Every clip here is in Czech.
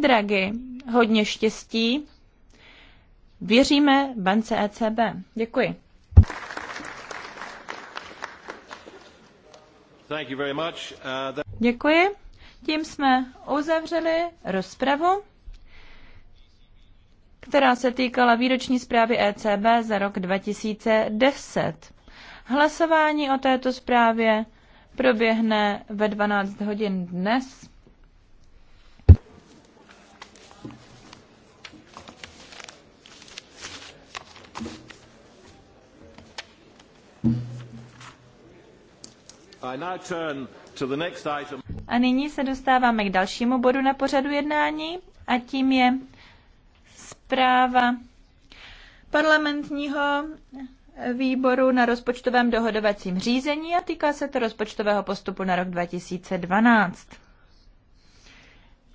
Pane hodně štěstí. Věříme bance ECB. Děkuji. Uh, Děkuji. Tím jsme uzavřeli rozpravu, která se týkala výroční zprávy ECB za rok 2010. Hlasování o této zprávě proběhne ve 12 hodin dnes. A nyní se dostáváme k dalšímu bodu na pořadu jednání a tím je zpráva parlamentního výboru na rozpočtovém dohodovacím řízení a týká se to rozpočtového postupu na rok 2012.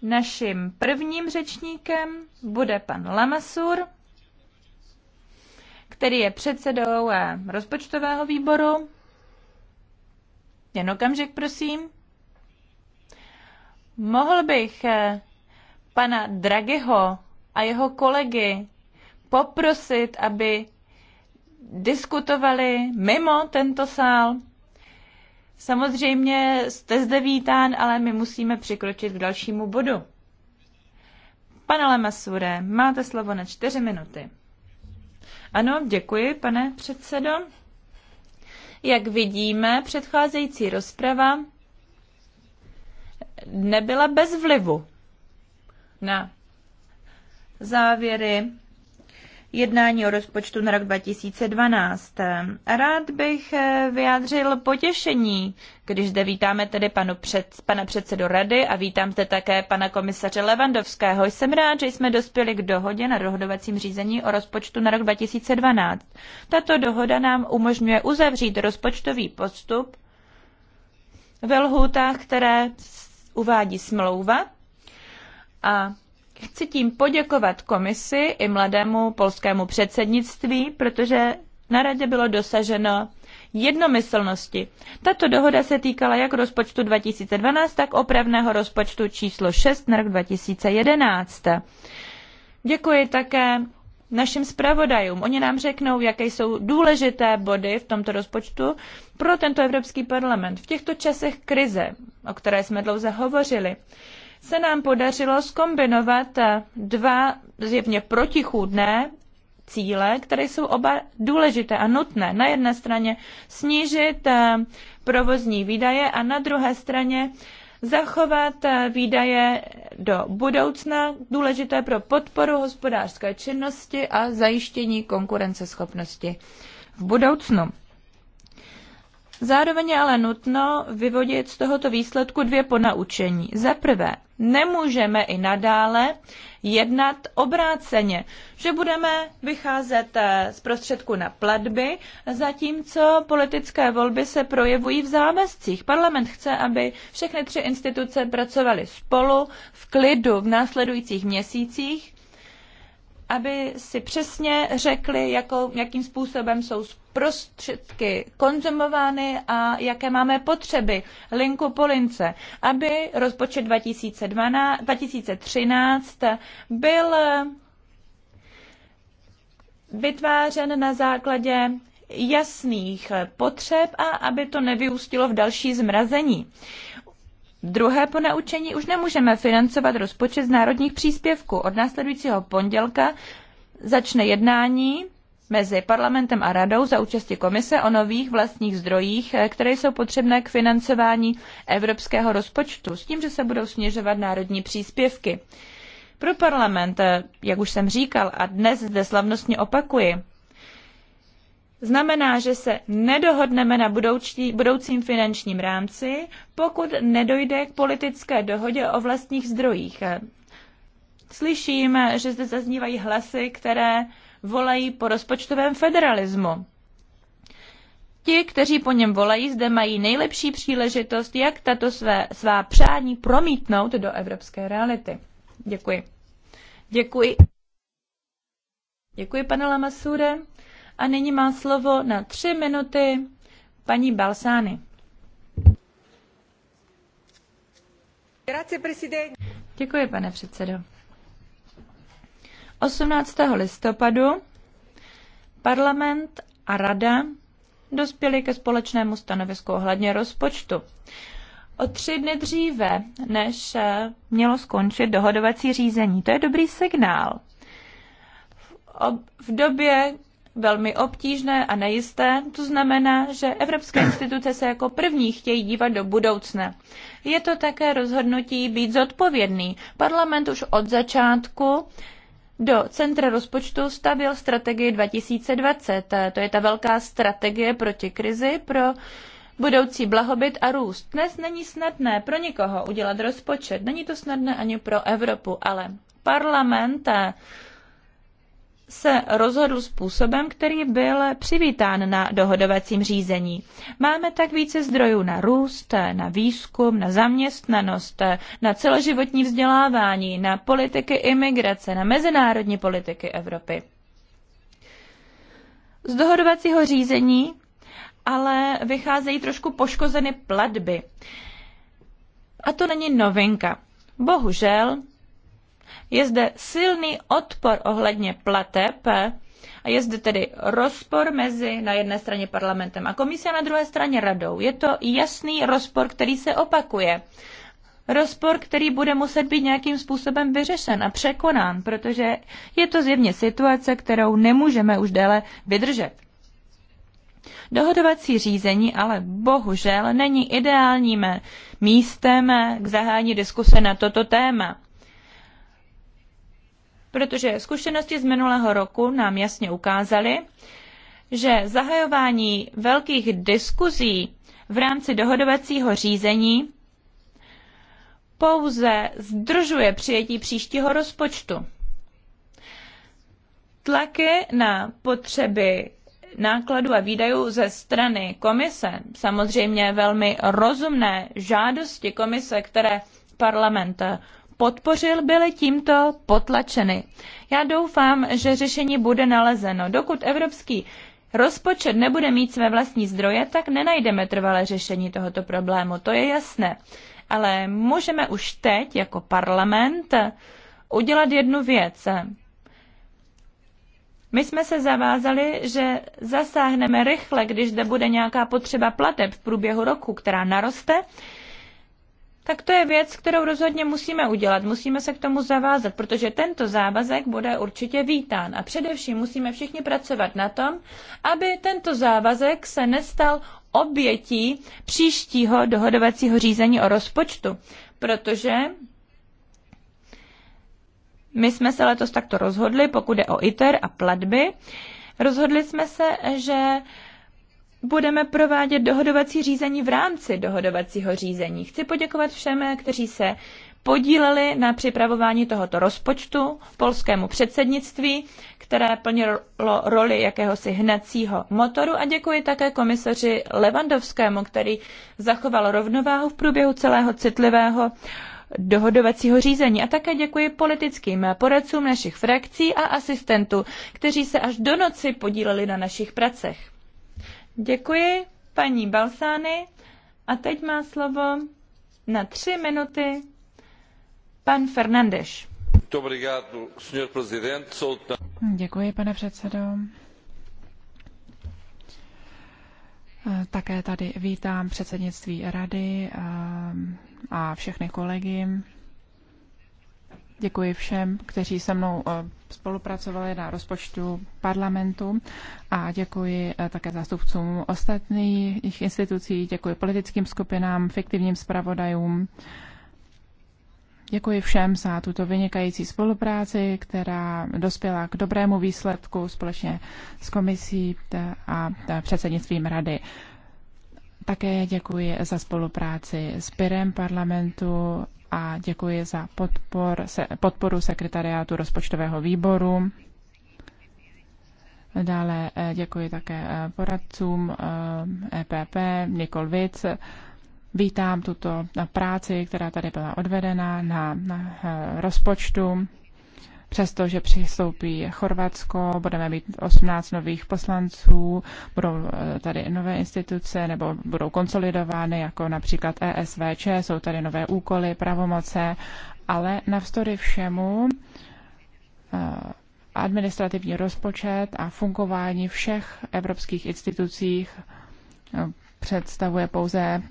Naším prvním řečníkem bude pan Lamasur, který je předsedou eh, rozpočtového výboru jen okamžik, prosím. Mohl bych eh, pana Dragiho a jeho kolegy poprosit, aby diskutovali mimo tento sál. Samozřejmě jste zde vítán, ale my musíme přikročit k dalšímu bodu. Pane Lemasure, máte slovo na čtyři minuty. Ano, děkuji, pane předsedo. Jak vidíme, předcházející rozprava nebyla bez vlivu na závěry jednání o rozpočtu na rok 2012. Rád bych eh, vyjádřil potěšení, když zde vítáme tedy panu před, pana předsedu rady a vítám zde také pana komisaře Levandovského. Jsem rád, že jsme dospěli k dohodě na dohodovacím řízení o rozpočtu na rok 2012. Tato dohoda nám umožňuje uzavřít rozpočtový postup ve lhůtách, které uvádí smlouva a Chci tím poděkovat komisi i mladému polskému předsednictví, protože na radě bylo dosaženo jednomyslnosti. Tato dohoda se týkala jak rozpočtu 2012, tak opravného rozpočtu číslo 6 na rok 2011. Děkuji také našim zpravodajům. Oni nám řeknou, jaké jsou důležité body v tomto rozpočtu pro tento Evropský parlament v těchto časech krize, o které jsme dlouze hovořili se nám podařilo skombinovat dva zjevně protichůdné cíle, které jsou oba důležité a nutné. Na jedné straně snížit eh, provozní výdaje a na druhé straně zachovat eh, výdaje do budoucna, důležité pro podporu hospodářské činnosti a zajištění konkurenceschopnosti v budoucnu. Zároveň je ale nutno vyvodit z tohoto výsledku dvě ponaučení. Za prvé, nemůžeme i nadále jednat obráceně, že budeme vycházet eh, z prostředku na platby, zatímco politické volby se projevují v závazcích. Parlament chce, aby všechny tři instituce pracovaly spolu v klidu v následujících měsících aby si přesně řekli, jako, jakým způsobem jsou prostředky konzumovány a jaké máme potřeby linku po lince, aby rozpočet 2012, 2013 byl vytvářen na základě jasných potřeb a aby to nevyústilo v další zmrazení. Druhé ponaučení už nemůžeme financovat rozpočet z národních příspěvků. Od následujícího pondělka začne jednání mezi parlamentem a radou za účasti komise o nových vlastních zdrojích, eh, které jsou potřebné k financování evropského rozpočtu, s tím, že se budou snižovat národní příspěvky. Pro parlament, eh, jak už jsem říkal a dnes zde slavnostně opakuji, znamená, že se nedohodneme na budoucí, budoucím finančním rámci, pokud nedojde k politické dohodě o vlastních zdrojích. Slyším, že zde zaznívají hlasy, které volají po rozpočtovém federalismu. Ti, kteří po něm volají, zde mají nejlepší příležitost, jak tato své, svá přání promítnout do evropské reality. Děkuji. Děkuji. Děkuji, pane Lamasure. A nyní má slovo na tři minuty paní Balsány. Děkuji, pane předsedo. 18. listopadu parlament a rada dospěli ke společnému stanovisku ohledně rozpočtu. O tři dny dříve, než eh, mělo skončit dohodovací řízení. To je dobrý signál. V době, velmi obtížné a nejisté. To znamená, že evropské instituce se jako první chtějí dívat do budoucna. Je to také rozhodnutí být zodpovědný. Parlament už od začátku do centra rozpočtu stavil strategii 2020. To je ta velká strategie proti krizi pro budoucí blahobyt a růst. Dnes není snadné pro nikoho udělat rozpočet. Není to snadné ani pro Evropu, ale parlament se rozhodl způsobem, který byl přivítán na dohodovacím řízení. Máme tak více zdrojů na růst, na výzkum, na zaměstnanost, na celoživotní vzdělávání, na politiky imigrace, na mezinárodní politiky Evropy. Z dohodovacího řízení ale vycházejí trošku poškozeny platby. A to není novinka. Bohužel je zde silný odpor ohledně plateb a je zde tedy rozpor mezi na jedné straně parlamentem a komisí a na druhé straně radou. Je to jasný rozpor, který se opakuje. Rozpor, který bude muset být nějakým způsobem vyřešen a překonán, protože je to zjevně situace, kterou nemůžeme už déle vydržet. Dohodovací řízení ale bohužel není ideálním místem k zahájení diskuse na toto téma protože zkušenosti z minulého roku nám jasně ukázaly, že zahajování velkých diskuzí v rámci dohodovacího řízení pouze zdržuje přijetí příštího rozpočtu. Tlaky na potřeby nákladů a výdajů ze strany komise, samozřejmě velmi rozumné žádosti komise, které parlament podpořil, byly tímto potlačeny. Já doufám, že řešení bude nalezeno. Dokud Evropský rozpočet nebude mít své vlastní zdroje, tak nenajdeme trvalé řešení tohoto problému, to je jasné. Ale můžeme už teď jako parlament udělat jednu věc. My jsme se zavázali, že zasáhneme rychle, když zde bude nějaká potřeba plateb v průběhu roku, která naroste, tak to je věc, kterou rozhodně musíme udělat. Musíme se k tomu zavázat, protože tento závazek bude určitě vítán. A především musíme všichni pracovat na tom, aby tento závazek se nestal obětí příštího dohodovacího řízení o rozpočtu, protože my jsme se letos takto rozhodli, pokud je o ITER a platby. Rozhodli jsme se, že budeme provádět dohodovací řízení v rámci dohodovacího řízení. Chci poděkovat všem, kteří se podíleli na připravování tohoto rozpočtu polskému předsednictví, které plnilo roli jakéhosi hnacího motoru a děkuji také komisaři Levandovskému, který zachoval rovnováhu v průběhu celého citlivého dohodovacího řízení. A také děkuji politickým poradcům našich frakcí a asistentů, kteří se až do noci podíleli na našich pracech. Děkuji paní Balsány a teď má slovo na tři minuty pan Fernandeš. Děkuji, pane předsedo. Také tady vítám předsednictví rady a všechny kolegy. Děkuji všem, kteří se mnou eh, spolupracovali na rozpočtu parlamentu a děkuji eh, také zástupcům ostatních institucí, děkuji politickým skupinám, fiktivním zpravodajům. Děkuji všem za tuto vynikající spolupráci, která dospěla k dobrému výsledku společně s komisí a předsednictvím rady. Také děkuji za spolupráci s Pirem parlamentu a děkuji za podpor, se, podporu sekretariátu rozpočtového výboru. Dále eh, děkuji také eh, poradcům EPP, eh, e Nikol Vic. Vítám tuto práci, která tady byla odvedena na, na rozpočtu. Přestože přistoupí Chorvatsko, budeme mít 18 nových poslanců, budou eh, tady nové instituce nebo budou konsolidovány, jako například ESVČ, jsou tady nové úkoly, pravomoce, ale navzdory všemu eh, administrativní rozpočet a fungování všech evropských institucích eh, představuje pouze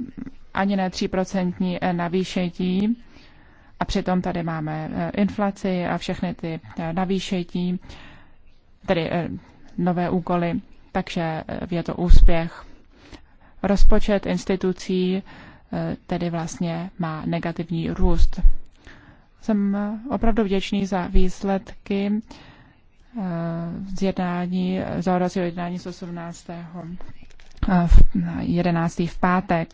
ani ne 3% navýšení a přitom tady máme e, inflaci a všechny ty e, navýšení, tedy e, nové úkoly, takže je to úspěch. Rozpočet institucí tedy vlastně má negativní růst. Jsem opravdu vděčný za výsledky z jednání, z jednání z 18. 11. v pátek.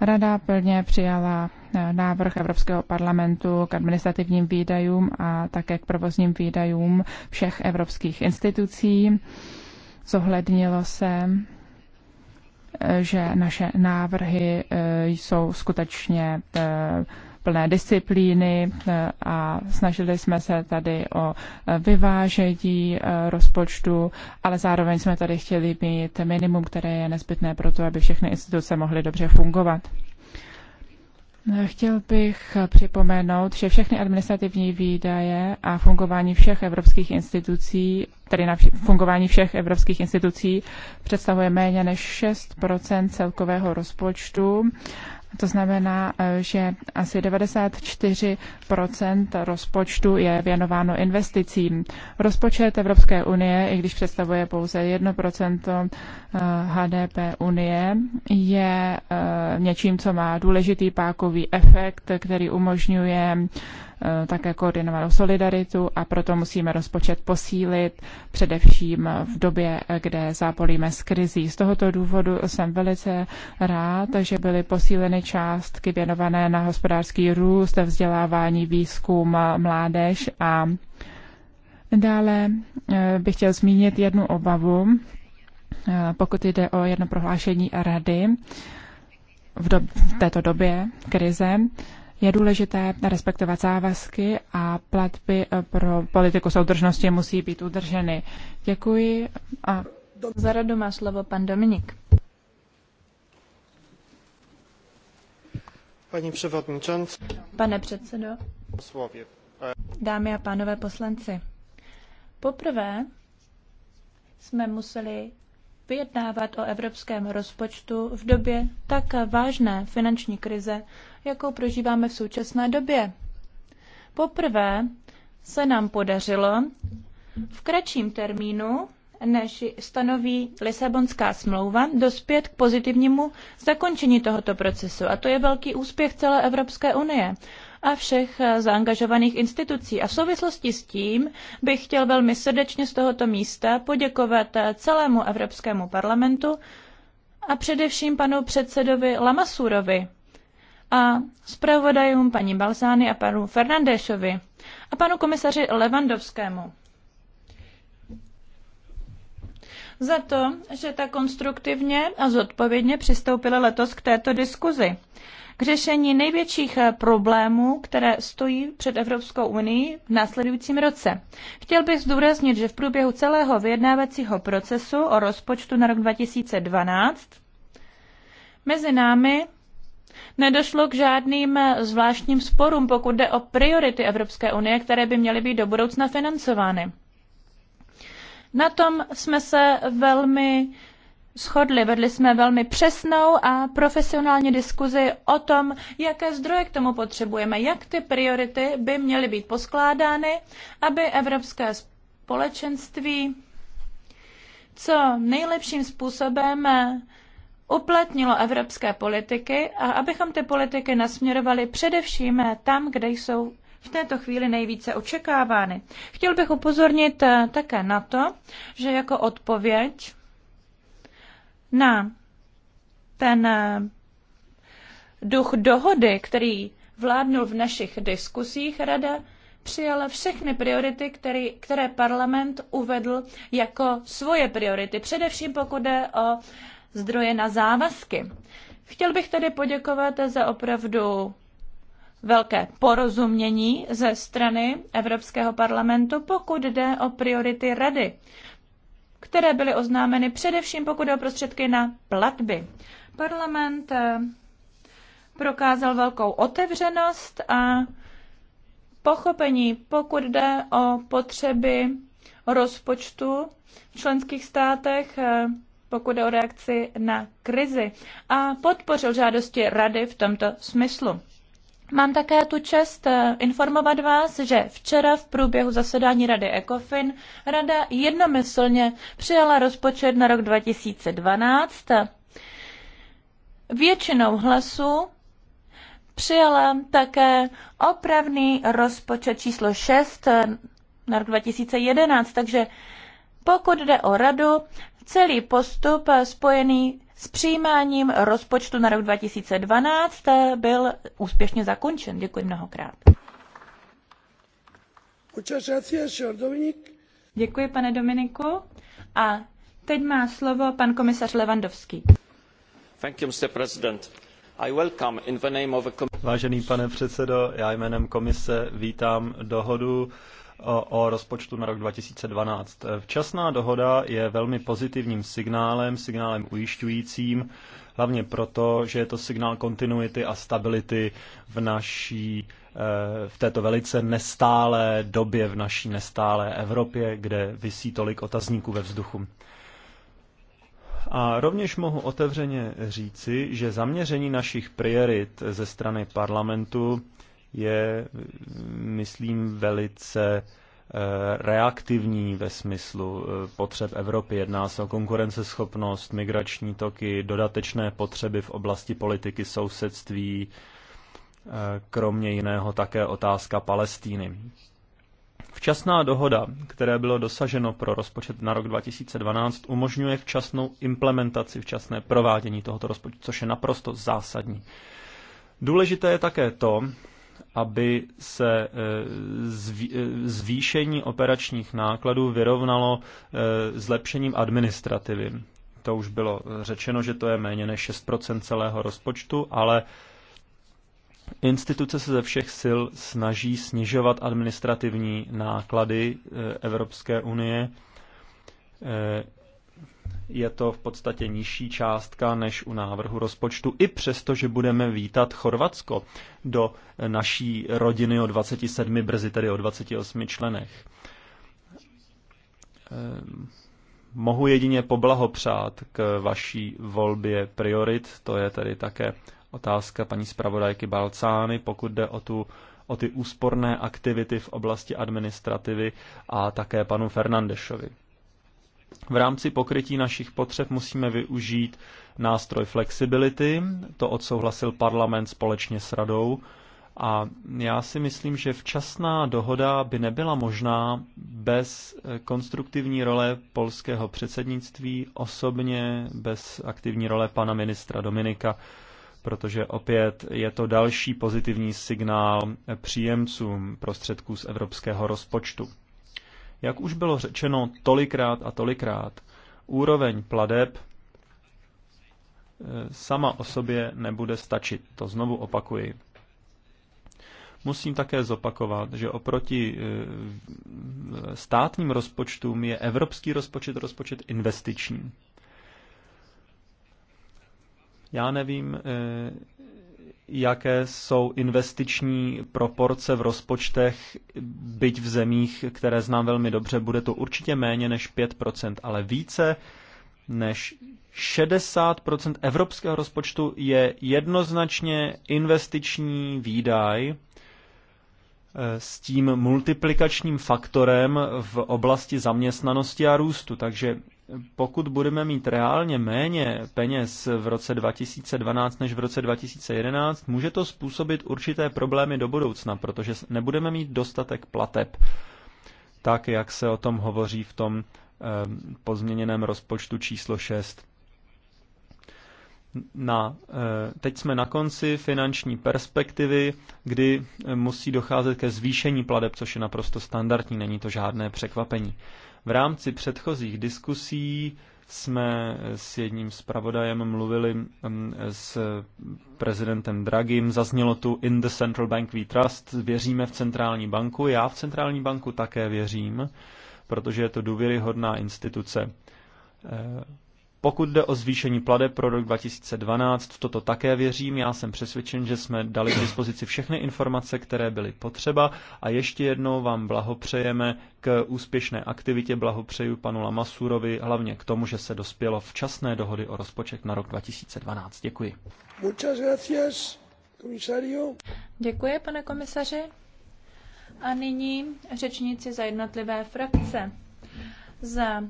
Rada plně přijala eh, návrh Evropského parlamentu k administrativním výdajům a také k provozním výdajům všech evropských institucí. Zohlednilo se, eh, že naše návrhy eh, jsou skutečně plné disciplíny e, a snažili jsme se tady o e, vyvážení e, rozpočtu, ale zároveň jsme tady chtěli mít minimum, které je nezbytné pro to, aby všechny instituce mohly dobře fungovat. Chtěl bych připomenout, že všechny administrativní výdaje a fungování všech evropských institucí, tedy na fungování všech evropských institucí, představuje méně než 6 celkového rozpočtu to znamená, eh, že asi 94 rozpočtu je věnováno investicím. Rozpočet Evropské unie, i když představuje pouze 1 eh, HDP unie, je eh, něčím, co má důležitý pákový efekt, který umožňuje Eh, také koordinovanou solidaritu a proto musíme rozpočet posílit, především v době, kde zápolíme s krizí. Z tohoto důvodu jsem velice rád, že byly posíleny částky věnované na hospodářský růst, vzdělávání, výzkum, mládež a dále eh, bych chtěl zmínit jednu obavu, eh, pokud jde o jedno prohlášení rady v, do- v této době krize. Je důležité respektovat závazky a platby eh, pro politiku soudržnosti musí být udrženy. Děkuji a za radu má slovo pan Dominik. Paní předsedající. Pane předsedo. Dámy a pánové poslanci. Poprvé jsme museli vyjednávat o evropském rozpočtu v době tak vážné finanční krize, jakou prožíváme v současné době. Poprvé se nám podařilo v kratším termínu, než stanoví Lisabonská smlouva, dospět k pozitivnímu zakončení tohoto procesu. A to je velký úspěch celé Evropské unie a všech zaangažovaných institucí. A v souvislosti s tím bych chtěl velmi srdečně z tohoto místa poděkovat celému Evropskému parlamentu a především panu předsedovi Lamasurovi a zpravodajům paní Balzány a panu Fernandéšovi a panu komisaři Levandovskému. Za to, že tak konstruktivně a zodpovědně přistoupili letos k této diskuzi k řešení největších problémů, které stojí před Evropskou unii v následujícím roce. Chtěl bych zdůraznit, že v průběhu celého vyjednávacího procesu o rozpočtu na rok 2012 mezi námi Nedošlo k žádným eh, zvláštním sporům, pokud jde o priority Evropské unie, které by měly být do budoucna financovány. Na tom jsme se velmi shodli, vedli jsme velmi přesnou a profesionální diskuzi o tom, jaké zdroje k tomu potřebujeme, jak ty priority by měly být poskládány, aby evropské společenství co nejlepším způsobem eh, uplatnilo evropské politiky a abychom ty politiky nasměrovali především tam, kde jsou v této chvíli nejvíce očekávány. Chtěl bych upozornit eh, také na to, že jako odpověď na ten eh, duch dohody, který vládnul v našich diskusích, Rada přijala všechny priority, který, které parlament uvedl jako svoje priority, především pokud jde o zdroje na závazky. Chtěl bych tedy poděkovat za opravdu velké porozumění ze strany Evropského parlamentu, pokud jde o priority Rady, které byly oznámeny především pokud jde o prostředky na platby. Parlament eh, prokázal velkou otevřenost a pochopení, pokud jde o potřeby rozpočtu v členských státech eh, pokud jde o reakci na krizi a podpořil žádosti rady v tomto smyslu. Mám také tu čest eh, informovat vás, že včera v průběhu zasedání Rady ECOFIN Rada jednomyslně přijala rozpočet na rok 2012. Většinou hlasů přijala také opravný rozpočet číslo 6 eh, na rok 2011, takže pokud jde o radu, celý postup eh, spojený s přijímáním rozpočtu na rok 2012 eh, byl úspěšně zakončen. Děkuji mnohokrát. Děkuji, pane Dominiku. A teď má slovo pan komisař Levandovský. Vážený pane předsedo, já jménem komise vítám dohodu o rozpočtu na rok 2012. Včasná dohoda je velmi pozitivním signálem, signálem ujišťujícím, hlavně proto, že je to signál kontinuity a stability v naší eh, v této velice nestálé době, v naší nestálé Evropě, kde vysí tolik otazníků ve vzduchu. A rovněž mohu otevřeně říci, že zaměření našich priorit ze strany parlamentu je, myslím, velice eh, reaktivní ve smyslu eh, potřeb Evropy. Jedná se o konkurenceschopnost, migrační toky, dodatečné potřeby v oblasti politiky sousedství, eh, kromě jiného také otázka Palestíny. Včasná dohoda, které bylo dosaženo pro rozpočet na rok 2012, umožňuje včasnou implementaci, včasné provádění tohoto rozpočtu, což je naprosto zásadní. Důležité je také to, aby se eh, eh, zvýšení operačních nákladů vyrovnalo eh, zlepšením administrativy. To už bylo řečeno, že to je méně než 6 celého rozpočtu, ale Instituce se ze všech sil snaží snižovat administrativní náklady Evropské unie je to v podstatě nižší částka než u návrhu rozpočtu, i přesto, že budeme vítat Chorvatsko do naší rodiny o 27, brzy tedy o 28 členech. Ehm, mohu jedině poblahopřát k vaší volbě priorit, to je tedy také otázka paní zpravodajky Balcány, pokud jde o tu o ty úsporné aktivity v oblasti administrativy a také panu Fernandešovi. V rámci pokrytí našich potřeb musíme využít nástroj flexibility, to odsouhlasil parlament společně s radou. A já si myslím, že včasná dohoda by nebyla možná bez eh, konstruktivní role polského předsednictví, osobně bez aktivní role pana ministra Dominika, protože opět je to další pozitivní signál eh, příjemcům prostředků z evropského rozpočtu. Jak už bylo řečeno tolikrát a tolikrát, úroveň pladeb eh, sama o sobě nebude stačit. To znovu opakuji. Musím také zopakovat, že oproti eh, státním rozpočtům je evropský rozpočet rozpočet investiční. Já nevím, eh, jaké jsou investiční proporce v rozpočtech, byť v zemích, které znám velmi dobře, bude to určitě méně než 5%, ale více než 60% evropského rozpočtu je jednoznačně investiční výdaj eh, s tím multiplikačním faktorem v oblasti zaměstnanosti a růstu. Takže pokud budeme mít reálně méně peněz v roce 2012 než v roce 2011, může to způsobit určité problémy do budoucna, protože nebudeme mít dostatek plateb, tak jak se o tom hovoří v tom eh, pozměněném rozpočtu číslo 6. Na, eh, teď jsme na konci finanční perspektivy, kdy eh, musí docházet ke zvýšení pladeb, což je naprosto standardní, není to žádné překvapení. V rámci předchozích diskusí jsme s jedním zpravodajem mluvili mm, s prezidentem Dragim. Zaznělo tu In the Central Bank We Trust. Věříme v centrální banku. Já v centrální banku také věřím, protože je to důvěryhodná instituce. Eh, pokud jde o zvýšení plade pro rok 2012, v toto také věřím. Já jsem přesvědčen, že jsme dali k dispozici všechny informace, které byly potřeba a ještě jednou vám blahopřejeme k úspěšné aktivitě. Blahopřeju panu Lamasurovi hlavně k tomu, že se dospělo včasné dohody o rozpočet na rok 2012. Děkuji. Muchas gracias, komisario. Děkuji, pane komisaři. A nyní řečníci za jednotlivé frakce. Za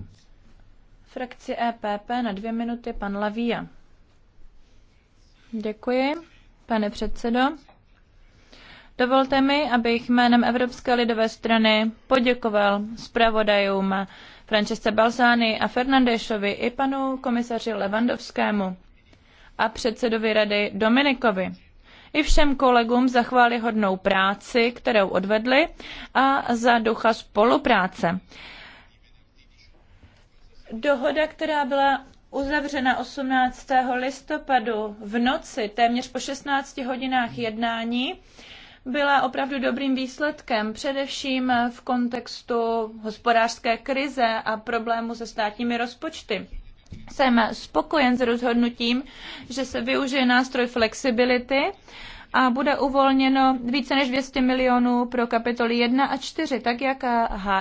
frakci EPP na dvě minuty pan Lavia. Děkuji, pane předsedo. Dovolte mi, abych jménem Evropské lidové strany poděkoval zpravodajům Francesce Balzány a Fernandešovi i panu komisaři Levandovskému a předsedovi rady Dominikovi. I všem kolegům za chválihodnou práci, kterou odvedli a za ducha spolupráce. Dohoda, která byla uzavřena 18. listopadu v noci, téměř po 16 hodinách jednání, byla opravdu dobrým výsledkem, především v kontextu hospodářské krize a problému se státními rozpočty. Jsem spokojen s rozhodnutím, že se využije nástroj flexibility a bude uvolněno více než 200 milionů pro kapitoly 1 a 4, tak jak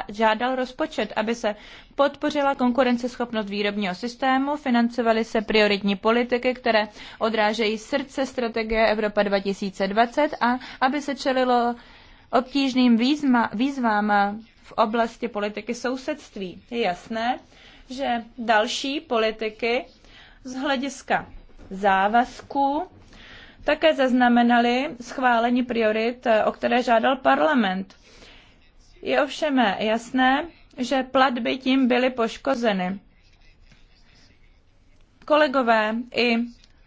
žádal rozpočet, aby se podpořila konkurenceschopnost výrobního systému, financovaly se prioritní politiky, které odrážejí srdce strategie Evropa 2020 a aby se čelilo obtížným výzma, výzvám v oblasti politiky sousedství. Je jasné, že další politiky z hlediska závazků také zaznamenali schválení priorit, eh, o které žádal parlament. Je ovšem jasné, že platby tím byly poškozeny. Kolegové i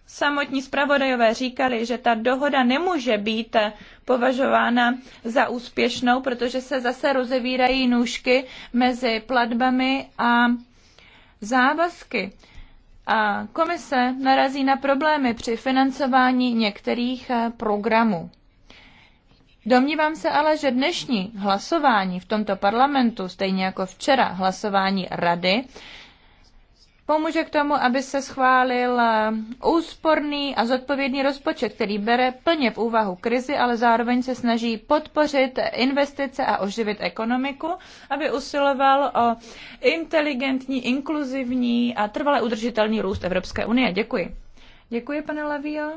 samotní zpravodajové říkali, že ta dohoda nemůže být eh, považována za úspěšnou, protože se zase rozevírají nůžky mezi platbami a závazky a komise narazí na problémy při financování některých eh, programů. Domnívám se ale, že dnešní hlasování v tomto parlamentu, stejně jako včera hlasování rady, pomůže k tomu, aby se schválil eh, úsporný a zodpovědný rozpočet, který bere plně v úvahu krizi, ale zároveň se snaží podpořit investice a oživit ekonomiku, aby usiloval o inteligentní, inkluzivní a trvale udržitelný růst Evropské unie. Děkuji. Děkuji, pane Lavio.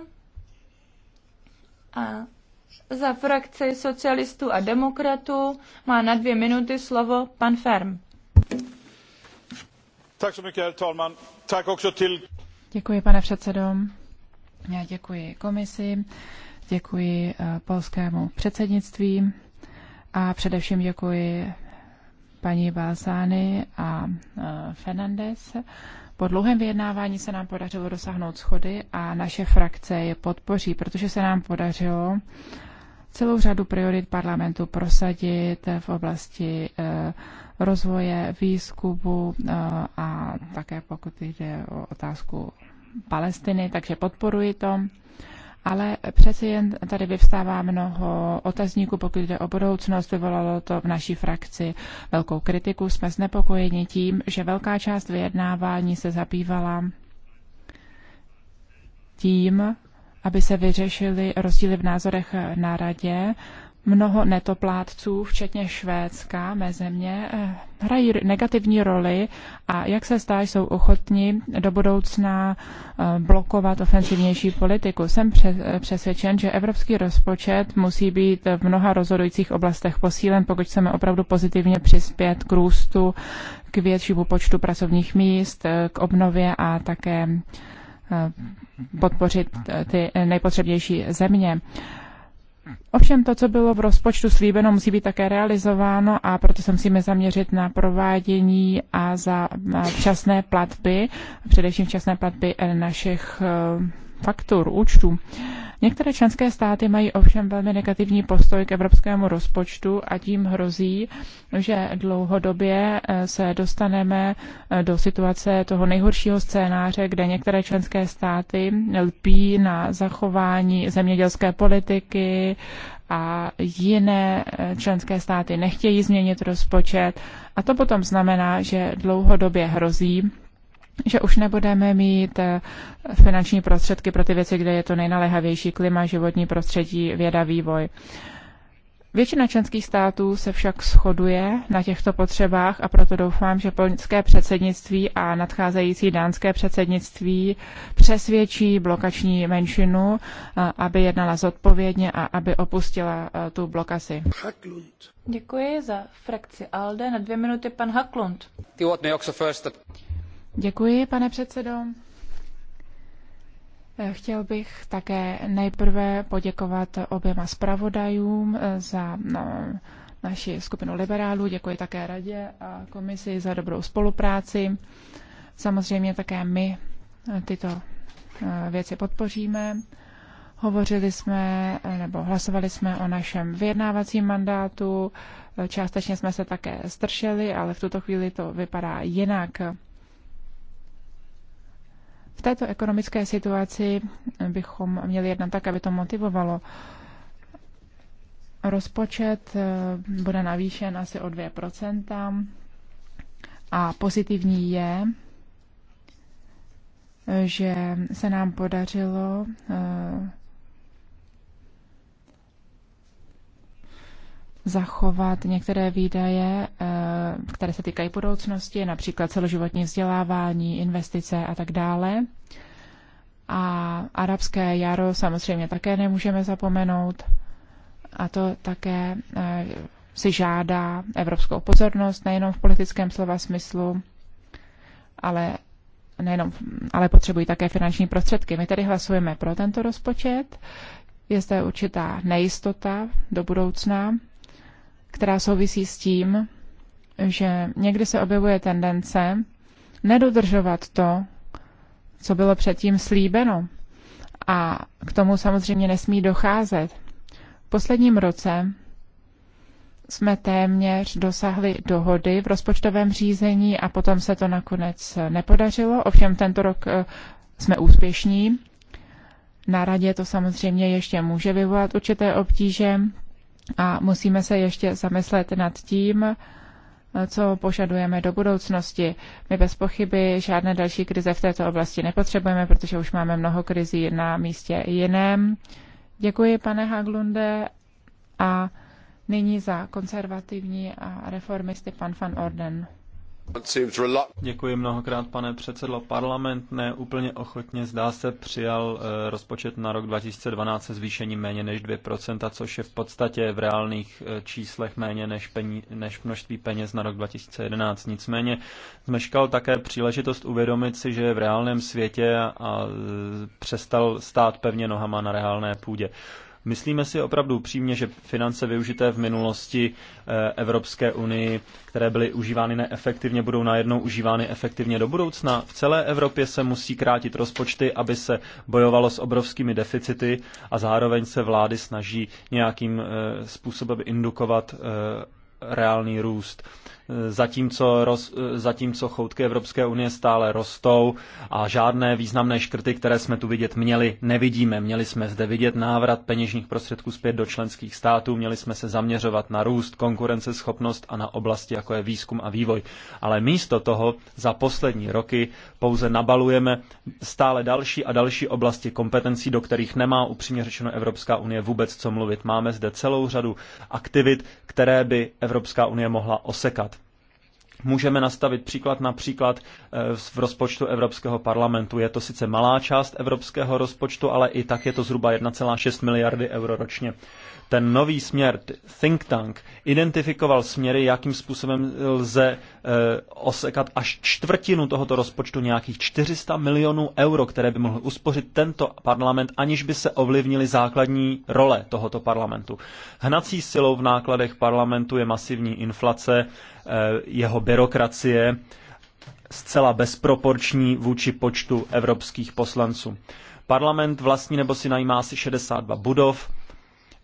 A za frakci socialistů a demokratů má na dvě minuty slovo pan Ferm. Děkuji, pane předsedající Já děkuji komisi, děkuji eh, polskému předsednictví a především děkuji paní balzaniové a eh, fernandesové. Po dlouhém vyjednávání se nám podařilo dosáhnout schody a naše frakce je podpoří, protože se nám podařilo celou řadu priorit parlamentu prosadit v oblasti eh, rozvoje, výzkumu eh, a také pokud jde o otázku Palestiny, takže podporuji to. Ale přeci jen tady vyvstává mnoho otazníků, pokud jde o budoucnost. Vyvolalo to v naší frakci velkou kritiku. Jsme znepokojeni tím, že velká část vyjednávání se zabývala tím, aby se vyřešily rozdíly v názorech na radě mnoho netoplátců, včetně Švédska, mé země, eh, hrají negativní roli a jak se zdá, jsou ochotní do budoucna eh, blokovat ofensivnější politiku. Jsem eh, přesvědčen, že evropský rozpočet musí být v mnoha rozhodujících oblastech posílen, pokud chceme opravdu pozitivně přispět k růstu, k většímu počtu pracovních míst, k obnově a také podpořit ty nejpotřebnější země. Ovšem to, co bylo v rozpočtu slíbeno, musí být také realizováno a proto se musíme zaměřit na provádění a za včasné platby, především včasné platby našich eh, faktur, účtů. Některé členské státy mají ovšem velmi negativní postoj k evropskému rozpočtu a tím hrozí, že dlouhodobě eh, se dostaneme eh, do situace toho nejhoršího scénáře, kde některé členské státy lpí na zachování zemědělské politiky a jiné eh, členské státy nechtějí změnit rozpočet. A to potom znamená, že dlouhodobě hrozí, že už nebudeme mít eh, finanční prostředky pro ty věci, kde je to nejnaléhavější klima, životní prostředí, věda, vývoj. Většina členských států se však shoduje na těchto potřebách a proto doufám, že polské předsednictví a nadcházející dánské předsednictví přesvědčí blokační menšinu, eh, aby jednala zodpovědně a aby opustila eh, tu blokaci. Děkuji za frakci ALDE. Na dvě minuty pan Haklund. Děkuji, pane předsedo. Chtěl bych také nejprve poděkovat oběma zpravodajům za no, naši skupinu liberálů. Děkuji také radě a komisi za dobrou spolupráci. Samozřejmě také my tyto eh, věci podpoříme. Hovořili jsme eh, nebo hlasovali jsme o našem vyjednávacím mandátu. Eh, částečně jsme se také stršeli, ale v tuto chvíli to vypadá jinak této ekonomické situaci bychom měli jednat tak, aby to motivovalo. Rozpočet eh, bude navýšen asi o 2%. A pozitivní je, eh, že se nám podařilo eh, zachovat některé výdaje, eh, které se týkají budoucnosti, například celoživotní vzdělávání, investice a tak dále. A arabské jaro samozřejmě také nemůžeme zapomenout. A to také eh, si žádá evropskou pozornost, nejenom v politickém slova smyslu, ale, nejenom, ale potřebují také finanční prostředky. My tedy hlasujeme pro tento rozpočet. Je zde určitá nejistota do budoucna, která souvisí s tím, že někdy se objevuje tendence nedodržovat to, co bylo předtím slíbeno. A k tomu samozřejmě nesmí docházet. V posledním roce jsme téměř dosahli dohody v rozpočtovém řízení a potom se to nakonec nepodařilo. Ovšem tento rok eh, jsme úspěšní. Na radě to samozřejmě ještě může vyvolat určité obtíže, a musíme se ještě zamyslet nad tím, co požadujeme do budoucnosti. My bez pochyby žádné další krize v této oblasti nepotřebujeme, protože už máme mnoho krizí na místě jiném. Děkuji, pane Haglunde, a nyní za konzervativní a reformisty pan van Orden. Děkuji mnohokrát, pane předsedlo. Parlament ne úplně ochotně, zdá se, přijal eh, rozpočet na rok 2012 se zvýšením méně než 2%, což je v podstatě v reálných eh, číslech méně než, pení, než množství peněz na rok 2011. Nicméně zmeškal také příležitost uvědomit si, že je v reálném světě a eh, přestal stát pevně nohama na reálné půdě. Myslíme si opravdu upřímně, že finance využité v minulosti eh, Evropské unii, které byly užívány neefektivně, budou najednou užívány efektivně do budoucna. V celé Evropě se musí krátit rozpočty, aby se bojovalo s obrovskými deficity a zároveň se vlády snaží nějakým eh, způsobem indukovat eh, reálný růst zatímco, roz, zatímco choutky Evropské unie stále rostou a žádné významné škrty, které jsme tu vidět měli, nevidíme. Měli jsme zde vidět návrat peněžních prostředků zpět do členských států, měli jsme se zaměřovat na růst, konkurenceschopnost a na oblasti, jako je výzkum a vývoj. Ale místo toho za poslední roky pouze nabalujeme stále další a další oblasti kompetencí, do kterých nemá upřímně řečeno Evropská unie vůbec co mluvit. Máme zde celou řadu aktivit, které by Evropská unie mohla osekat. Můžeme nastavit příklad například eh, v rozpočtu Evropského parlamentu. Je to sice malá část evropského rozpočtu, ale i tak je to zhruba 1,6 miliardy euro ročně ten nový směr think tank identifikoval směry, jakým způsobem lze eh, osekat až čtvrtinu tohoto rozpočtu, nějakých 400 milionů euro, které by mohl uspořit tento parlament, aniž by se ovlivnily základní role tohoto parlamentu. Hnací silou v nákladech parlamentu je masivní inflace, eh, jeho byrokracie, zcela bezproporční vůči počtu evropských poslanců. Parlament vlastní nebo si najímá asi 62 budov,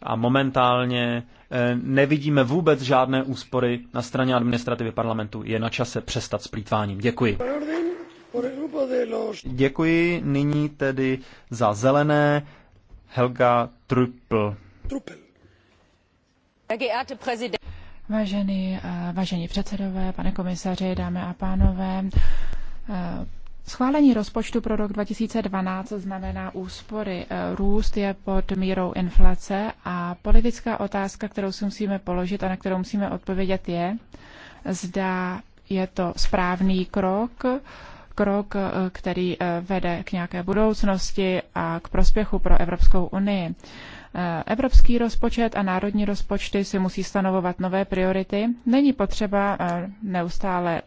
a momentálně eh, nevidíme vůbec žádné úspory na straně administrativy parlamentu. Je na čase přestat s plítváním. Děkuji. Děkuji nyní tedy za zelené Helga Trupl. Vážený, eh, vážení předsedové, pane komisaři, dámy a pánové, eh, Schválení rozpočtu pro rok 2012 znamená úspory. Eh, Růst je pod mírou inflace a politická otázka, kterou si musíme položit a na kterou musíme odpovědět je, zda je to správný krok, krok, eh, který eh, vede k nějaké budoucnosti a k prospěchu pro Evropskou unii. Evropský rozpočet a národní rozpočty si musí stanovovat nové priority. Není potřeba neustále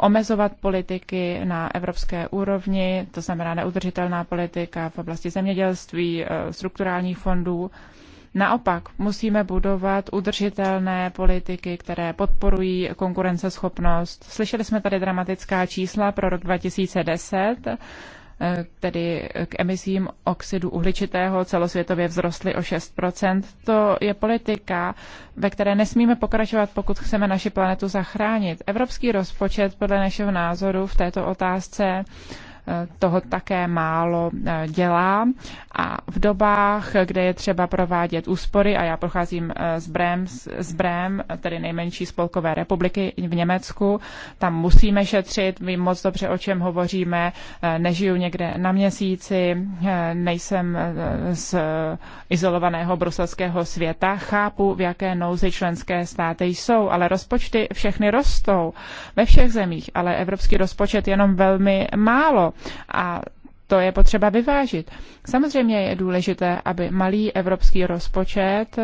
omezovat politiky na evropské úrovni, to znamená neudržitelná politika v oblasti zemědělství, eh, strukturálních fondů. Naopak, musíme budovat udržitelné politiky, které podporují konkurenceschopnost. Slyšeli jsme tady dramatická čísla pro rok 2010 Eh, tedy eh, k emisím oxidu uhličitého celosvětově vzrostly o 6%. To je politika, ve které nesmíme pokračovat, pokud chceme naši planetu zachránit. Evropský rozpočet podle našeho názoru v této otázce toho také málo eh, dělá. A v dobách, kde je třeba provádět úspory, a já procházím eh, z Brém, z Brém tedy nejmenší spolkové republiky v Německu, tam musíme šetřit, vím moc dobře, o čem hovoříme, eh, nežiju někde na měsíci, nejsem z izolovaného bruselského světa, chápu, v jaké nouzi členské státy jsou, ale rozpočty všechny rostou ve všech zemích, ale evropský rozpočet jenom velmi málo a to je potřeba vyvážit. Samozřejmě je důležité, aby malý evropský rozpočet,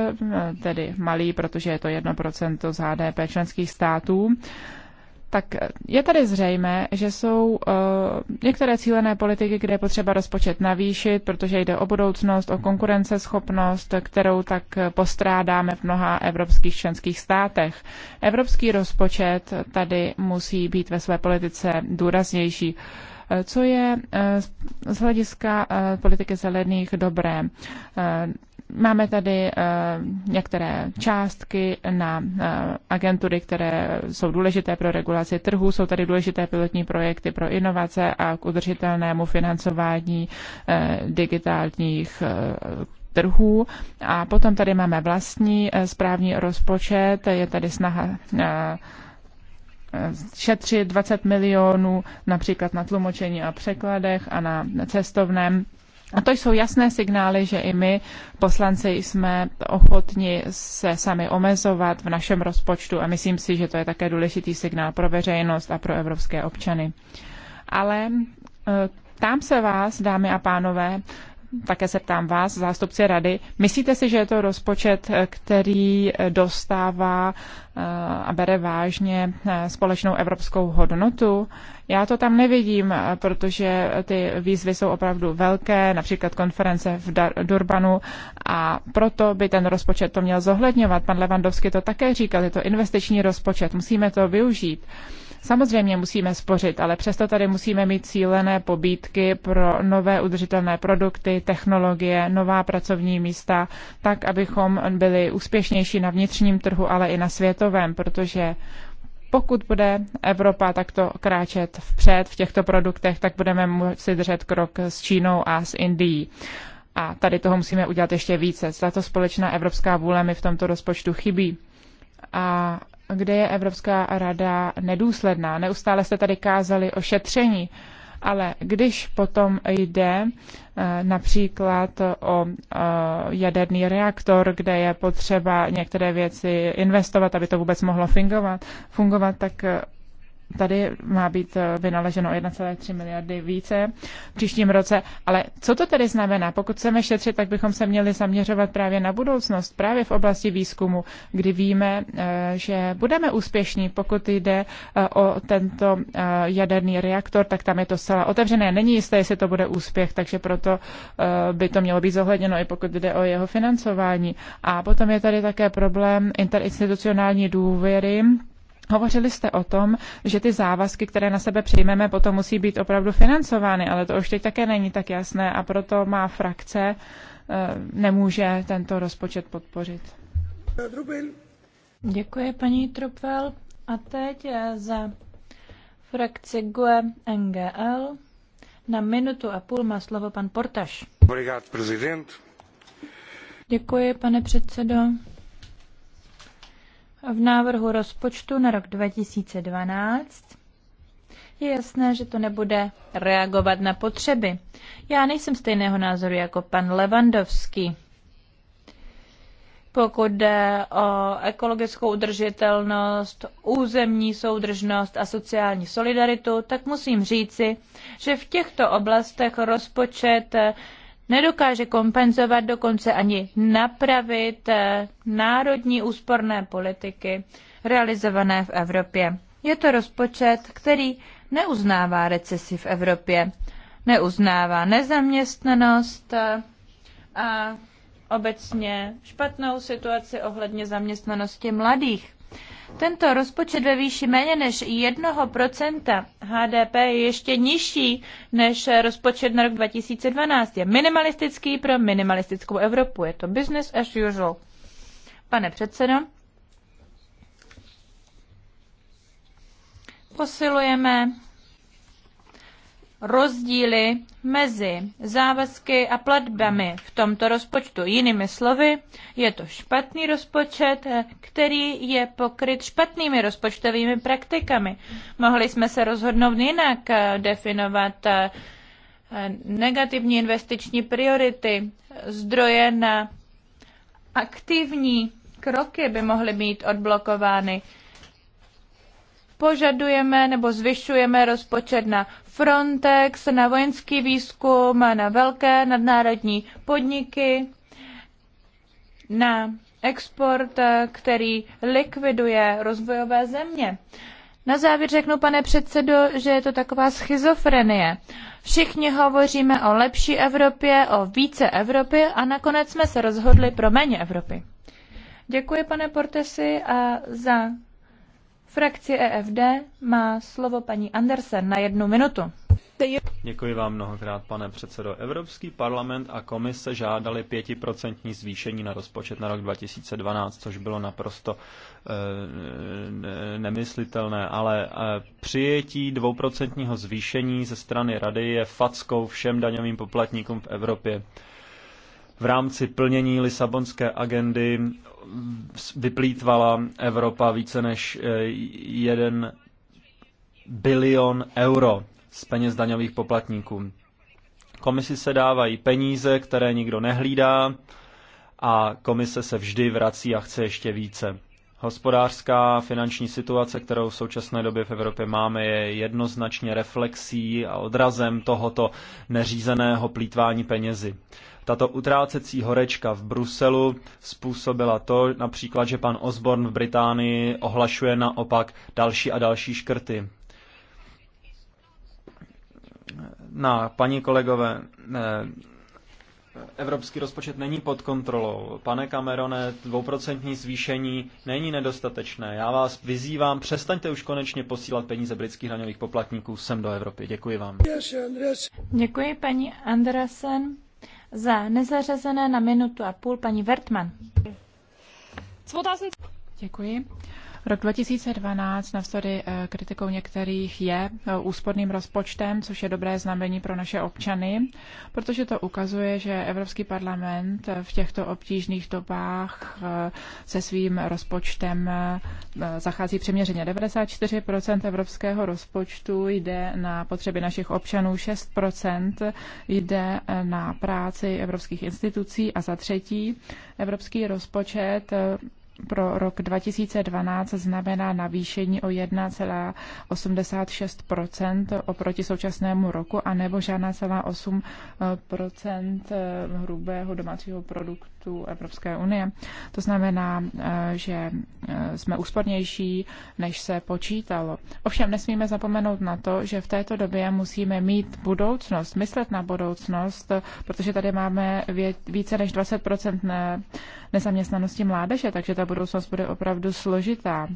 tedy malý, protože je to 1% z HDP členských států, tak je tady zřejmé, že jsou uh, některé cílené politiky, kde je potřeba rozpočet navýšit, protože jde o budoucnost, o konkurenceschopnost, kterou tak postrádáme v mnoha evropských členských státech. Evropský rozpočet tady musí být ve své politice důraznější. Uh, co je eh, z hlediska eh, politiky zelených dobré. Eh, máme tady některé částky na agentury, které jsou důležité pro regulaci trhu, jsou tady důležité pilotní projekty pro inovace a k udržitelnému financování digitálních trhů. A potom tady máme vlastní správní rozpočet, je tady snaha šetřit 20 milionů například na tlumočení a překladech a na cestovném. A to jsou jasné signály, že i my, poslanci, jsme ochotni se sami omezovat v našem rozpočtu a myslím si, že to je také důležitý signál pro veřejnost a pro evropské občany. Ale eh, tam se vás, dámy a pánové, také se ptám vás, zástupci rady, myslíte si, že je to rozpočet, který dostává eh, a bere vážně eh, společnou evropskou hodnotu? Já to tam nevidím, eh, protože ty výzvy jsou opravdu velké, například konference v Durbanu a proto by ten rozpočet to měl zohledňovat. Pan Levandovský to také říkal, je to investiční rozpočet, musíme to využít. Samozřejmě musíme spořit, ale přesto tady musíme mít cílené pobídky pro nové udržitelné produkty, technologie, nová pracovní místa, tak, abychom byli úspěšnější na vnitřním trhu, ale i na světovém, protože pokud bude Evropa takto kráčet vpřed v těchto produktech, tak budeme moci držet krok s Čínou a s Indií. A tady toho musíme udělat ještě více. Tato společná evropská vůle mi v tomto rozpočtu chybí. A kde je Evropská rada nedůsledná. Neustále jste tady kázali o šetření, ale když potom jde eh, například o eh, jaderný reaktor, kde je potřeba některé věci investovat, aby to vůbec mohlo fungovat, fungovat tak eh, tady má být eh, vynaleženo 1,3 miliardy více v příštím roce. Ale co to tedy znamená? Pokud chceme šetřit, tak bychom se měli zaměřovat právě na budoucnost, právě v oblasti výzkumu, kdy víme, eh, že budeme úspěšní. Pokud jde eh, o tento jaderný reaktor, tak tam je to zcela otevřené. Není jisté, jestli to bude úspěch, takže proto by to mělo být zohledněno i pokud jde o jeho financování. A potom je tady také problém interinstitucionální důvěry Hovořili jste o tom, že ty závazky, které na sebe přijmeme, potom musí být opravdu financovány, ale to už teď také není tak jasné a proto má frakce eh, nemůže tento rozpočet podpořit. Děkuji, paní Trupel. A teď eh, za frakci GUE NGL na minutu a půl má slovo pan Portaš. Děkuji, pane předsedo v návrhu rozpočtu na rok 2012 je jasné, že to nebude reagovat na potřeby. Já nejsem stejného názoru jako pan Levandovský. Pokud jde o ekologickou udržitelnost, územní soudržnost a sociální solidaritu, tak musím říci, že v těchto oblastech rozpočet nedokáže kompenzovat, dokonce ani napravit eh, národní úsporné politiky realizované v Evropě. Je to rozpočet, který neuznává recesi v Evropě, neuznává nezaměstnanost eh, a obecně špatnou situaci ohledně zaměstnanosti mladých. Tento rozpočet ve výši méně než 1% HDP je ještě nižší než rozpočet na rok 2012. Je minimalistický pro minimalistickou Evropu. Je to business as usual. Pane předsedo, posilujeme rozdíly mezi závazky a platbami v tomto rozpočtu. Jinými slovy, je to špatný rozpočet, eh, který je pokryt špatnými rozpočtovými praktikami. Mohli jsme se rozhodnout jinak eh, definovat eh, negativní investiční priority, zdroje na aktivní kroky by mohly být odblokovány požadujeme nebo zvyšujeme rozpočet na Frontex, na vojenský výzkum, na velké nadnárodní podniky, na export, který likviduje rozvojové země. Na závěr řeknu, pane předsedo, že je to taková schizofrenie. Všichni hovoříme o lepší Evropě, o více Evropy a nakonec jsme se rozhodli pro méně Evropy. Děkuji, pane Portesi, a za frakci EFD má slovo paní Andersen na jednu minutu. Děkuji vám mnohokrát, pane předsedo. Evropský parlament a komise žádali pětiprocentní zvýšení na rozpočet na rok 2012, což bylo naprosto e, nemyslitelné, ale e, přijetí dvouprocentního zvýšení ze strany Rady je fackou všem daňovým poplatníkům v Evropě v rámci plnění Lisabonské agendy vyplýtvala Evropa více než eh, jeden bilion euro z peněz daňových poplatníků. Komisi se dávají peníze, které nikdo nehlídá a komise se vždy vrací a chce ještě více. Hospodářská finanční situace, kterou v současné době v Evropě máme, je jednoznačně reflexí a odrazem tohoto neřízeného plítvání penězi. Tato utrácecí horečka v Bruselu způsobila to například, že pan Osborne v Británii ohlašuje naopak další a další škrty. Na paní kolegové, ne, evropský rozpočet není pod kontrolou. Pane Camerone, dvouprocentní zvýšení není nedostatečné. Já vás vyzývám, přestaňte už konečně posílat peníze britských daňových poplatníků sem do Evropy. Děkuji vám. Děkuji, paní Andersen. Za nezařazené na minutu a půl paní Vertman. Děkuji. Rok 2012 navzdory eh, kritikou některých je eh, úsporným rozpočtem, což je dobré znamení pro naše občany, protože to ukazuje, že Evropský parlament eh, v těchto obtížných dobách se svým rozpočtem zachází přiměřeně. 94% evropského rozpočtu jde na potřeby našich občanů, 6% jde na práci evropských institucí a za třetí evropský rozpočet pro rok 2012 znamená navýšení o 1,86 oproti současnému roku, anebo žádná celá 8 hrubého domácího produktu rozpočtu Evropské unie. To znamená, eh, že eh, jsme úspornější, než se počítalo. Ovšem nesmíme zapomenout na to, že v této době musíme mít budoucnost, myslet na budoucnost, protože tady máme více než 20 nezaměstnanosti mládeže, takže ta budoucnost bude opravdu složitá.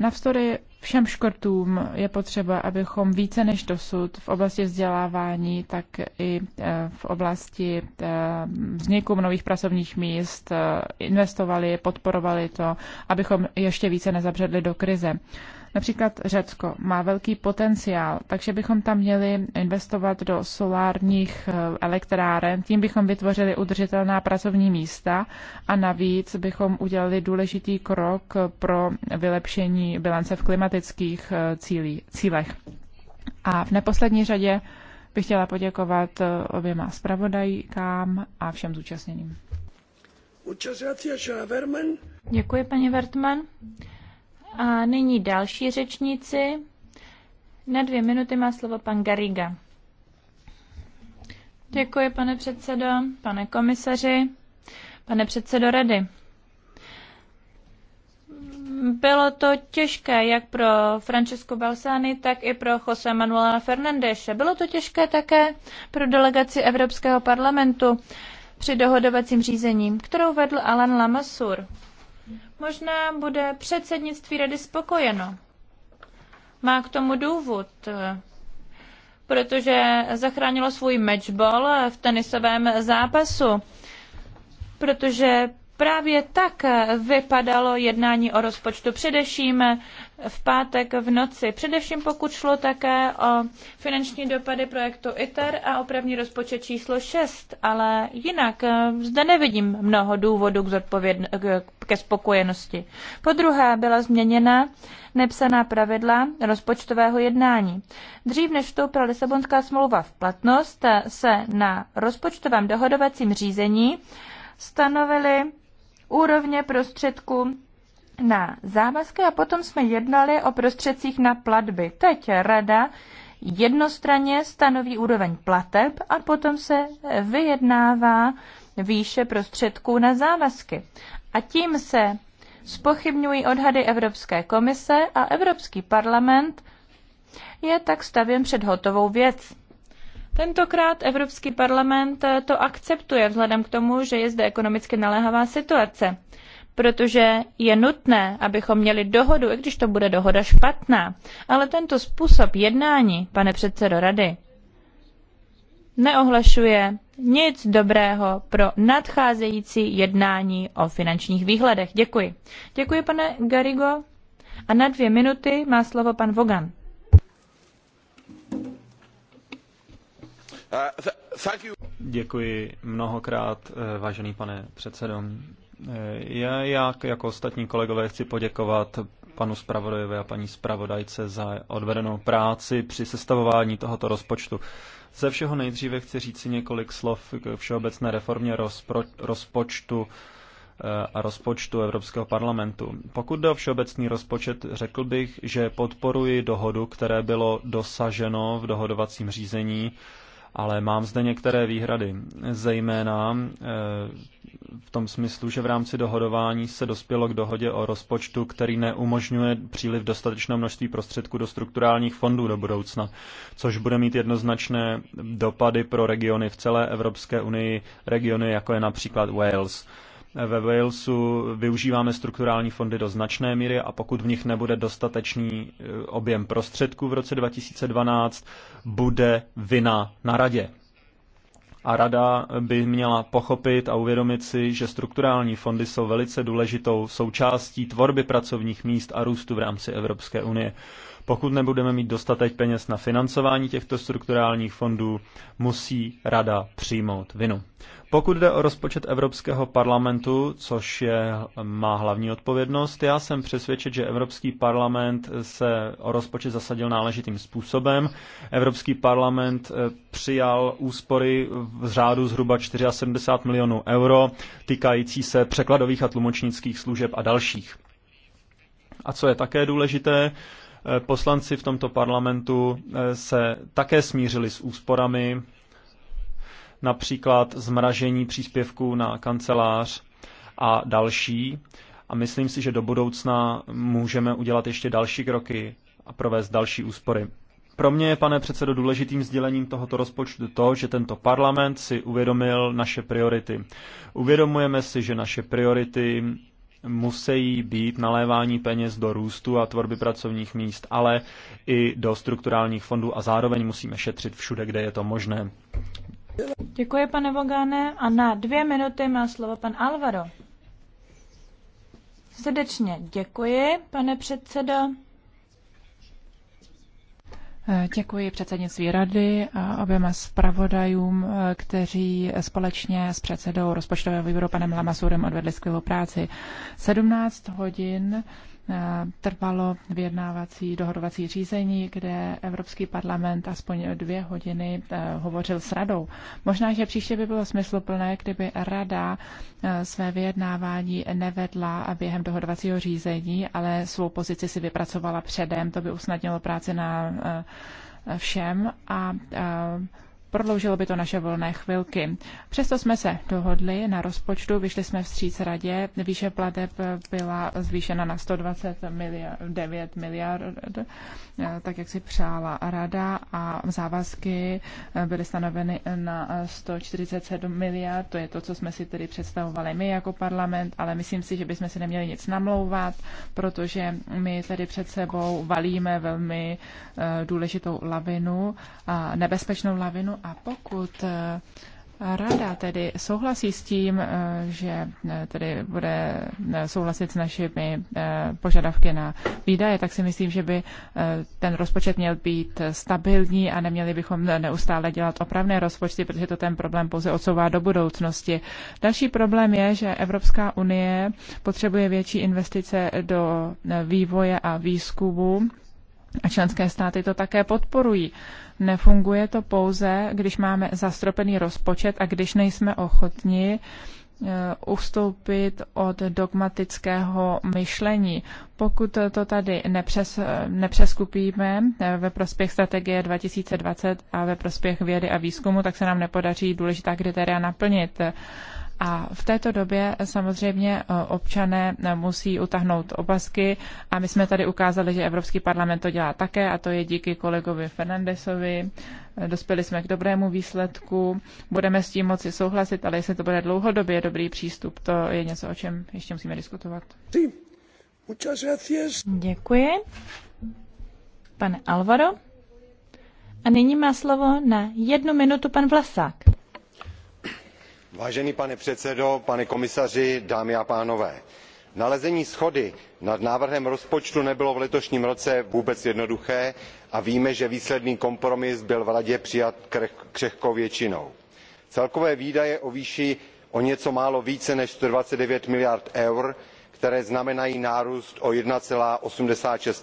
Navzdory všem škrtům je potřeba, abychom více než dosud v oblasti vzdělávání, tak i e, v oblasti e, vzniku nových pracovních míst e, investovali, podporovali to, abychom ještě více nezabředli do krize. Například Řecko má velký potenciál, takže bychom tam měli investovat do solárních eh, elektráren, tím bychom vytvořili udržitelná pracovní místa a navíc bychom udělali důležitý krok pro vylepšení bilance v klimatických eh, cílí, cílech. A v neposlední řadě bych chtěla poděkovat eh, oběma zpravodajkám a všem zúčastněným. Děkuji, paní Vertman. A nyní další řečníci. Na dvě minuty má slovo pan Gariga. Děkuji, pane předsedo, pane komisaři, pane předsedo rady. Bylo to těžké jak pro Francesco Balsány, tak i pro Jose Manuela Fernandeše. Bylo to těžké také pro delegaci Evropského parlamentu při dohodovacím řízení, kterou vedl Alan Lamassur. Možná bude předsednictví rady spokojeno. Má k tomu důvod, eh, protože zachránilo svůj matchball v tenisovém zápasu, protože Právě tak vypadalo jednání o rozpočtu především v pátek v noci. Především pokud šlo také o finanční dopady projektu ITER a opravní rozpočet číslo 6, ale jinak eh, zde nevidím mnoho důvodů k, zodpověd... Eh, ke spokojenosti. Po druhé byla změněna nepsaná pravidla rozpočtového jednání. Dřív než vstoupila Lisabonská smlouva v platnost, eh, se na rozpočtovém dohodovacím řízení stanovily úrovně prostředků na závazky a potom jsme jednali o prostředcích na platby. Teď rada jednostranně stanoví úroveň plateb a potom se vyjednává výše prostředků na závazky. A tím se spochybňují odhady Evropské komise a Evropský parlament je tak stavěn před hotovou věc. Tentokrát Evropský parlament to akceptuje vzhledem k tomu, že je zde ekonomicky naléhavá situace protože je nutné, abychom měli dohodu, i když to bude dohoda špatná. Ale tento způsob jednání, pane předsedo rady, neohlašuje nic dobrého pro nadcházející jednání o finančních výhledech. Děkuji. Děkuji, pane Garigo. A na dvě minuty má slovo pan Vogan. Uh, Děkuji mnohokrát, eh, vážený pane předsedo. Eh, já, já jako ostatní kolegové chci poděkovat panu zpravodajovi a paní zpravodajce za odvedenou práci při sestavování tohoto rozpočtu. Ze všeho nejdříve chci říci několik slov k všeobecné reformě rozpro, rozpočtu eh, a rozpočtu Evropského parlamentu. Pokud jde o všeobecný rozpočet, řekl bych, že podporuji dohodu, které bylo dosaženo v dohodovacím řízení ale mám zde některé výhrady, zejména eh, v tom smyslu, že v rámci dohodování se dospělo k dohodě o rozpočtu, který neumožňuje příliv dostatečného množství prostředků do strukturálních fondů do budoucna, což bude mít jednoznačné dopady pro regiony v celé Evropské unii, regiony jako je například Wales. Ve Walesu využíváme strukturální fondy do značné míry a pokud v nich nebude dostatečný e, objem prostředků v roce 2012, bude vina na radě. A rada by měla pochopit a uvědomit si, že strukturální fondy jsou velice důležitou součástí tvorby pracovních míst a růstu v rámci Evropské unie. Pokud nebudeme mít dostatek peněz na financování těchto strukturálních fondů, musí rada přijmout vinu. Pokud jde o rozpočet Evropského parlamentu, což je, má hlavní odpovědnost, já jsem přesvědčen, že Evropský parlament se o rozpočet zasadil náležitým způsobem. Evropský parlament eh, přijal úspory v řádu zhruba 74 milionů euro týkající se překladových a tlumočnických služeb a dalších. A co je také důležité, eh, poslanci v tomto parlamentu eh, se také smířili s úsporami například zmražení příspěvků na kancelář a další. A myslím si, že do budoucna můžeme udělat ještě další kroky a provést další úspory. Pro mě je, pane předsedo, důležitým sdělením tohoto rozpočtu to, že tento parlament si uvědomil naše priority. Uvědomujeme si, že naše priority musí být nalévání peněz do růstu a tvorby pracovních míst, ale i do strukturálních fondů a zároveň musíme šetřit všude, kde je to možné. Děkuji, pane Vogáne A na dvě minuty má slovo pan Alvaro. Srdečně děkuji, pane předsedo. Děkuji předsednictví rady a oběma zpravodajům, kteří společně s předsedou rozpočtového výboru panem Lamasurem odvedli skvělou práci. 17 hodin Eh, trvalo vyjednávací dohodovací řízení, kde Evropský parlament aspoň dvě hodiny eh, hovořil s radou. Možná, že příště by bylo smysluplné, kdyby rada eh, své vyjednávání nevedla během dohodovacího řízení, ale svou pozici si vypracovala předem. To by usnadnilo práci na všem a Prodloužilo by to naše volné chvilky. Přesto jsme se dohodli na rozpočtu, vyšli jsme vstříc radě. Výše plateb byla zvýšena na 129 miliard, miliard, tak jak si přála rada a závazky byly stanoveny na 147 miliard. To je to, co jsme si tedy představovali my jako parlament, ale myslím si, že bychom si neměli nic namlouvat, protože my tedy před sebou valíme velmi eh, důležitou lavinu, nebezpečnou lavinu a pokud eh, Rada tedy souhlasí s tím, eh, že eh, tedy bude souhlasit s našimi požadavky na výdaje, tak si myslím, že by ten rozpočet měl být stabilní a neměli bychom neustále dělat opravné rozpočty, protože to ten problém pouze odsouvá do budoucnosti. Další problém je, že Evropská unie potřebuje větší investice do vývoje a výzkumu a členské státy to také podporují. Nefunguje to pouze, když máme zastropený rozpočet a když nejsme ochotni eh, ustoupit od dogmatického myšlení. Pokud to tady nepřes, nepřeskupíme eh, ve prospěch strategie 2020 a ve prospěch vědy a výzkumu, tak se nám nepodaří důležitá kritéria naplnit. A v této době samozřejmě eh, občané eh, musí utahnout opasky a my jsme tady ukázali, že Evropský parlament to dělá také a to je díky kolegovi Fernandesovi. Eh, dospěli jsme k dobrému výsledku, budeme s tím moci souhlasit, ale jestli to bude dlouhodobě dobrý přístup, to je něco, o čem ještě musíme diskutovat. Děkuji. Pane Alvaro. A nyní má slovo na jednu minutu pan Vlasák vážený pane předsedo pane komisaři dámy a pánové nalezení shody nad návrhem rozpočtu nebylo v letošním roce vůbec jednoduché a víme že výsledný kompromis byl v radě přijat křehkou většinou. celkové výdaje o výši o něco málo více než one hundred and twenty nine miliard eur které znamenají nárůst o one eighty six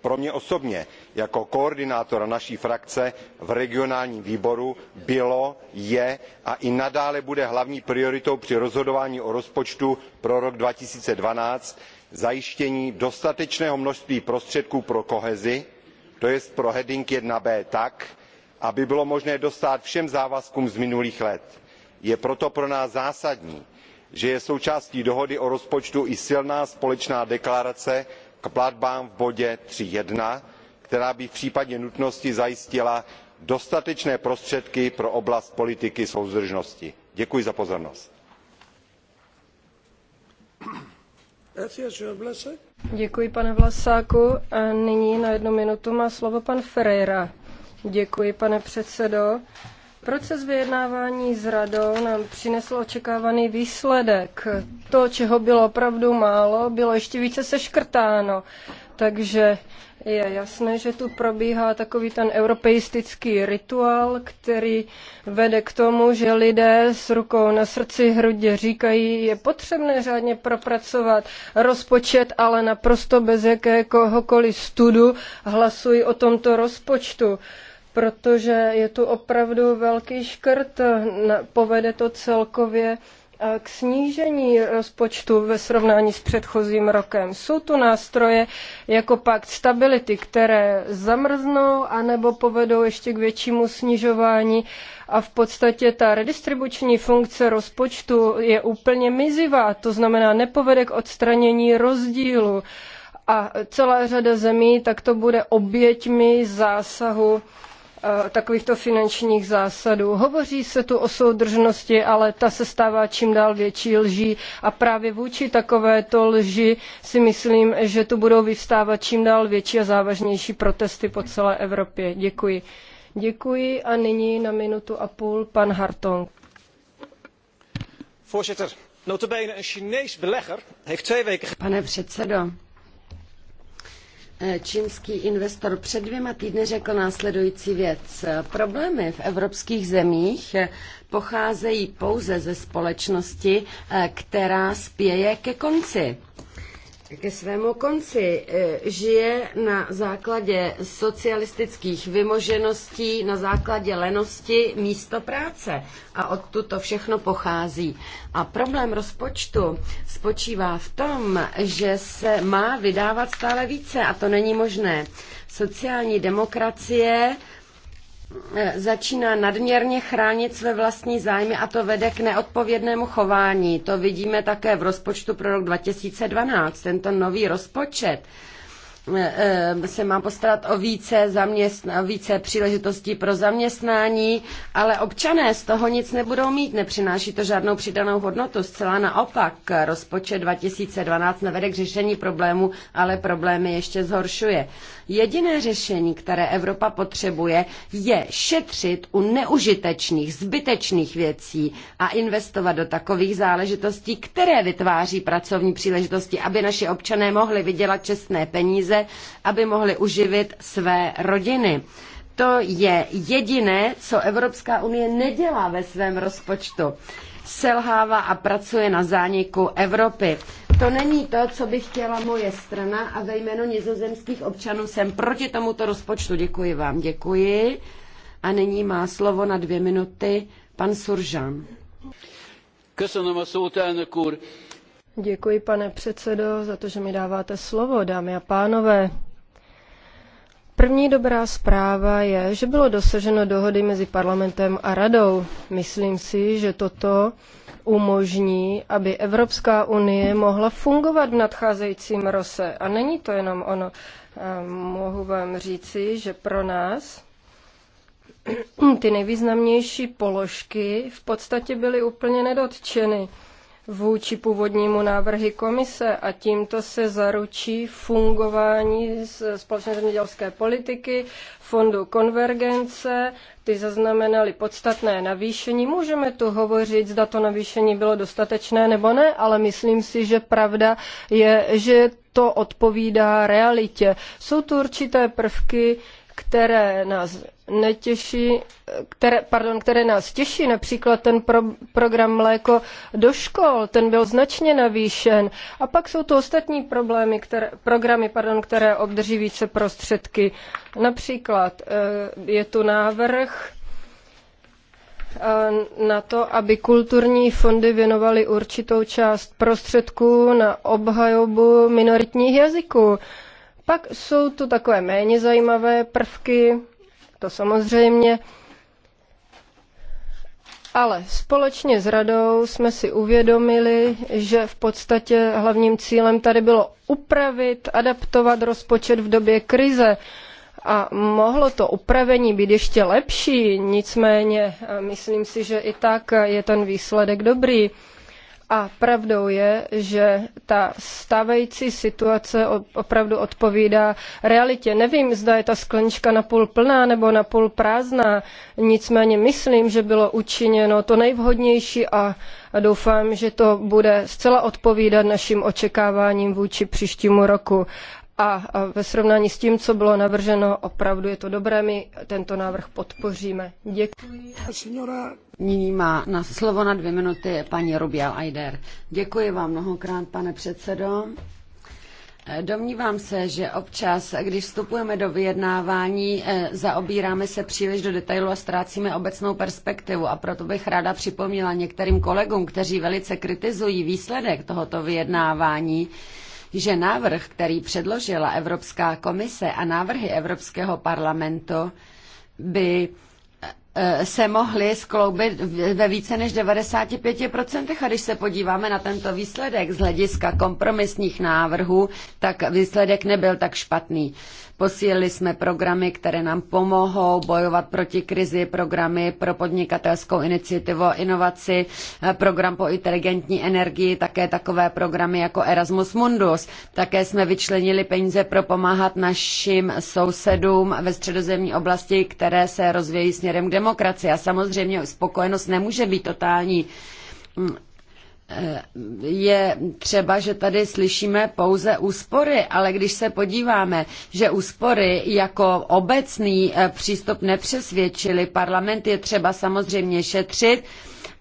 pro mě osobně jako koordinátora naší frakce v regionálním výboru bylo je a i nadále bude hlavní prioritou při rozhodování o rozpočtu pro rok two thousand and twelve zajištění dostatečného množství prostředků pro kohezi to jest pro heading one b tak aby bylo možné dostát všem závazkům z minulých let. je proto pro nás zásadní že je součástí dohody o rozpočtu i silná společná deklarace k platbám v bodě three one která by v případě nutnosti zajistila dostatečné prostředky pro oblast politiky soudržnosti. děkuji za pozornost. Děkuji, pane Vlasáku. A nyní na jednu minutu má slovo pan Ferreira. Děkuji, pane předsedo. Proces vyjednávání s radou nám přinesl očekávaný výsledek. To, čeho bylo opravdu málo, bylo ještě více seškrtáno. Takže je jasné, že tu probíhá takový ten europeistický rituál, který vede k tomu, že lidé s rukou na srdci hrudě říkají, je potřebné řádně propracovat rozpočet, ale naprosto bez jakéhokoliv studu hlasují o tomto rozpočtu protože je tu opravdu velký škrt. Povede to celkově eh, k snížení rozpočtu ve srovnání s předchozím rokem. Jsou tu nástroje jako pakt stability, které zamrznou anebo povedou ještě k většímu snižování a v podstatě ta redistribuční funkce rozpočtu je úplně mizivá, to znamená nepovede k odstranění rozdílu a celá řada zemí tak to bude oběťmi zásahu Eh, takovýchto finančních zásadů. Hovoří se tu o soudržnosti, ale ta se stává čím dál větší lží a právě vůči takovéto lži si myslím, že tu budou vyvstávat čím dál větší a závažnější protesty po celé Evropě. Děkuji. Děkuji a nyní na minutu a půl pan Hartong. Voorzitter, notabene een Chinees belegger heeft twee weken... Pane předsedo, Eh, čínský investor před dvěma týdny řekl následující věc. Problémy v evropských zemích eh, pocházejí pouze ze společnosti, eh, která spěje ke konci ke svému konci. Eh, žije na základě socialistických vymožeností, na základě lenosti místo práce. A odtud to všechno pochází. A problém rozpočtu spočívá v tom, že se má vydávat stále více a to není možné. Sociální demokracie E, začíná nadměrně chránit své vlastní zájmy a to vede k neodpovědnému chování. To vidíme také v rozpočtu pro rok 2012. Tento nový rozpočet Eh, se má postarat o více, zaměstna, více příležitostí pro zaměstnání, ale občané z toho nic nebudou mít, nepřináší to žádnou přidanou hodnotu. Zcela naopak, rozpočet 2012 nevede k řešení problému, ale problémy ještě zhoršuje. Jediné řešení, které Evropa potřebuje, je šetřit u neužitečných, zbytečných věcí a investovat do takových záležitostí, které vytváří pracovní příležitosti, aby naši občané mohli vydělat čestné peníze peníze, aby mohli uživit své rodiny. To je jediné, co Evropská unie nedělá ve svém rozpočtu. Selhává a pracuje na zániku Evropy. To není to, co by chtěla moje strana a ve jménu nizozemských občanů jsem proti tomuto rozpočtu. Děkuji vám, děkuji. A nyní má slovo na dvě minuty pan Suržan. Köszönöm a szót, elnök úr. Děkuji, pane předsedo, za to, že mi dáváte slovo, dámy a pánové. První dobrá zpráva je, že bylo dosaženo dohody mezi parlamentem a radou. Myslím si, že toto umožní, aby Evropská unie mohla fungovat v nadcházejícím roce. A není to jenom ono. Mohu vám říci, že pro nás ty nejvýznamnější položky v podstatě byly úplně nedotčeny vůči původnímu návrhu komise a tímto se zaručí fungování společné zemědělské politiky, fondu konvergence, ty zaznamenaly podstatné navýšení. Můžeme tu hovořit, zda to navýšení bylo dostatečné nebo ne, ale myslím si, že pravda je, že to odpovídá realitě. Jsou tu určité prvky, které nás netěší, které, pardon, které nás těší, například ten pro, program Mléko do škol, ten byl značně navýšen. A pak jsou to ostatní problémy, které, programy, pardon, které obdrží více prostředky. Například eh, je tu návrh eh, na to, aby kulturní fondy věnovaly určitou část prostředků na obhajobu minoritních jazyků. Pak jsou tu takové méně zajímavé prvky, to samozřejmě. Ale společně s radou jsme si uvědomili, že v podstatě hlavním cílem tady bylo upravit, adaptovat rozpočet v době krize. A mohlo to upravení být ještě lepší, nicméně myslím si, že i tak je ten výsledek dobrý. A pravdou je, že ta stávající situace opravdu odpovídá realitě. Nevím, zda je ta sklenička napůl plná nebo napůl prázdná, nicméně myslím, že bylo učiněno to nejvhodnější a doufám, že to bude zcela odpovídat našim očekáváním vůči příštímu roku a ve srovnání s tím, co bylo navrženo, opravdu je to dobré, my tento návrh podpoříme. Děkuji. Nyní má na slovo na dvě minuty paní Rubial Aider. Děkuji vám mnohokrát, pane předsedo. Domnívám se, že občas, když vstupujeme do vyjednávání, eh, zaobíráme se příliš do detailu a ztrácíme obecnou perspektivu. A proto bych ráda připomněla některým kolegům, kteří velice kritizují výsledek tohoto vyjednávání, že návrh, který předložila Evropská komise a návrhy Evropského parlamentu by e, se mohly skloubit ve více než 95%. A když se podíváme na tento výsledek z hlediska kompromisních návrhů, tak výsledek nebyl tak špatný. Posílili jsme programy, které nám pomohou bojovat proti krizi, programy pro podnikatelskou iniciativu a inovaci, eh, program po inteligentní energii, také takové programy jako Erasmus Mundus. Také jsme vyčlenili peníze pro pomáhat našim sousedům ve středozemní oblasti, které se rozvějí směrem k demokracii. A samozřejmě spokojenost nemůže být totální mm, je třeba, že tady slyšíme pouze úspory, ale když se podíváme, že úspory jako obecný eh, přístup nepřesvědčili parlament, je třeba samozřejmě šetřit,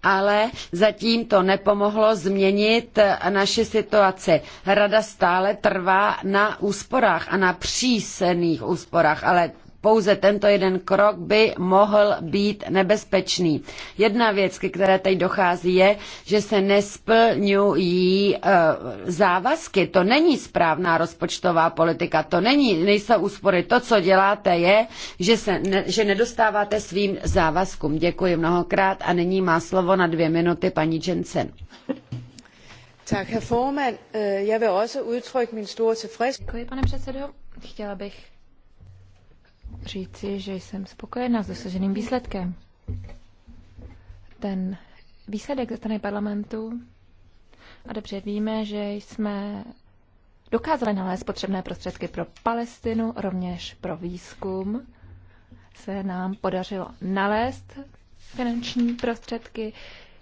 ale zatím to nepomohlo změnit eh, naši situaci. Rada stále trvá na úsporách a na přísných úsporách, ale pouze tento jeden krok by mohl být nebezpečný. Jedna věc, ke které teď dochází, je, že se nesplňují e, závazky. To není správná rozpočtová politika, to není, nejsou úspory. To, co děláte, je, že, se ne, že nedostáváte svým závazkům. Děkuji mnohokrát a nyní má slovo na dvě minuty paní Jensen. Tak, herr Forman, já bych také min store Děkuji, pane předsedo. Chtěla bych říci, že jsem spokojená s dosaženým výsledkem. Ten výsledek ze strany parlamentu a dobře víme, že jsme dokázali nalézt potřebné prostředky pro Palestinu, rovněž pro výzkum. Se nám podařilo nalézt finanční prostředky.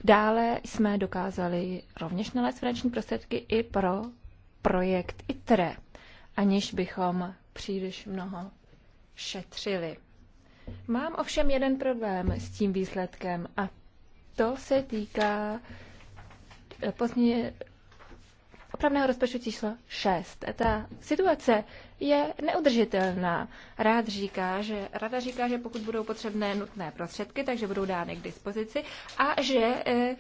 Dále jsme dokázali rovněž nalézt finanční prostředky i pro projekt ITRE, aniž bychom příliš mnoho šetřili. Mám ovšem jeden problém s tím výsledkem a to se týká eh, pozdně opravného rozpočtu číslo 6. Ta situace je neudržitelná. Rád říká, že, rada říká, že pokud budou potřebné nutné prostředky, takže budou dány k dispozici a že e,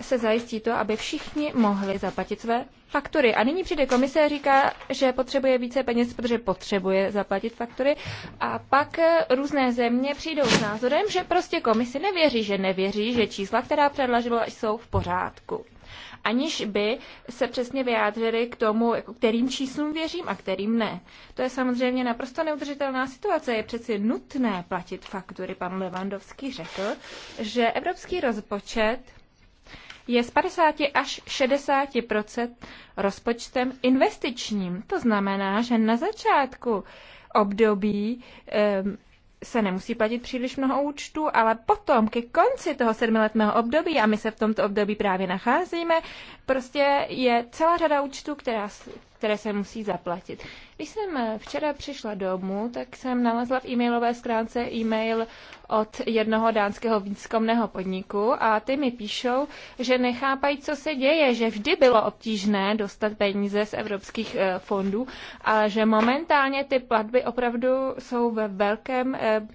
se zajistí to, aby všichni mohli zaplatit své faktury. A nyní přijde komise a říká, že potřebuje více peněz, protože potřebuje zaplatit faktury. A pak různé země přijdou s názorem, že prostě komisi nevěří, že nevěří, že čísla, která předložila, jsou v pořádku. Aniž by se přesně vyjádřili k tomu, jako kterým číslům věřím a kterým ne. To je samozřejmě naprosto neudržitelná situace. Je přeci nutné platit faktury. Pan Levandovský řekl, že evropský rozpočet je z 50 až 60 rozpočtem investičním. To znamená, že na začátku období se nemusí platit příliš mnoho účtů, ale potom ke konci toho sedmiletého období, a my se v tomto období právě nacházíme, prostě je celá řada účtů, která, které se musí zaplatit. Když jsem eh, včera přišla domů, tak jsem nalezla v e-mailové skránce e-mail od jednoho dánského výzkumného podniku a ty mi píšou, že nechápají, co se děje, že vždy bylo obtížné dostat peníze z evropských eh, fondů, ale že momentálně ty platby opravdu jsou ve velkém eh,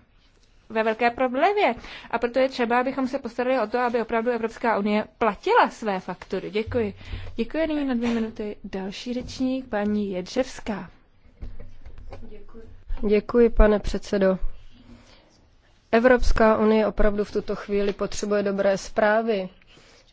ve velké problémě. A proto je třeba, abychom se postarali o to, aby opravdu Evropská unie platila své faktury. Děkuji. Děkuji nyní na dvě minuty další řečník, paní Jedřevská. Děkuji. Děkuji, pane předsedo. Evropská unie opravdu v tuto chvíli potřebuje dobré zprávy.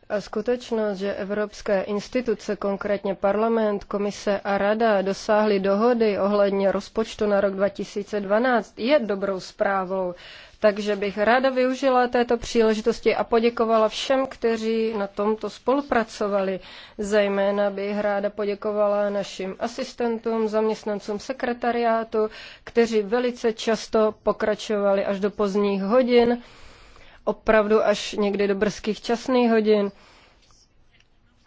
A skutečnost, že evropské instituce, konkrétně parlament, komise a rada dosáhly dohody ohledně rozpočtu na rok 2012, je dobrou zprávou. Takže bych ráda využila této příležitosti a poděkovala všem, kteří na tomto spolupracovali. Zejména bych ráda poděkovala našim asistentům, zaměstnancům sekretariátu, kteří velice často pokračovali až do pozdních hodin, opravdu až někdy do brzkých časných hodin.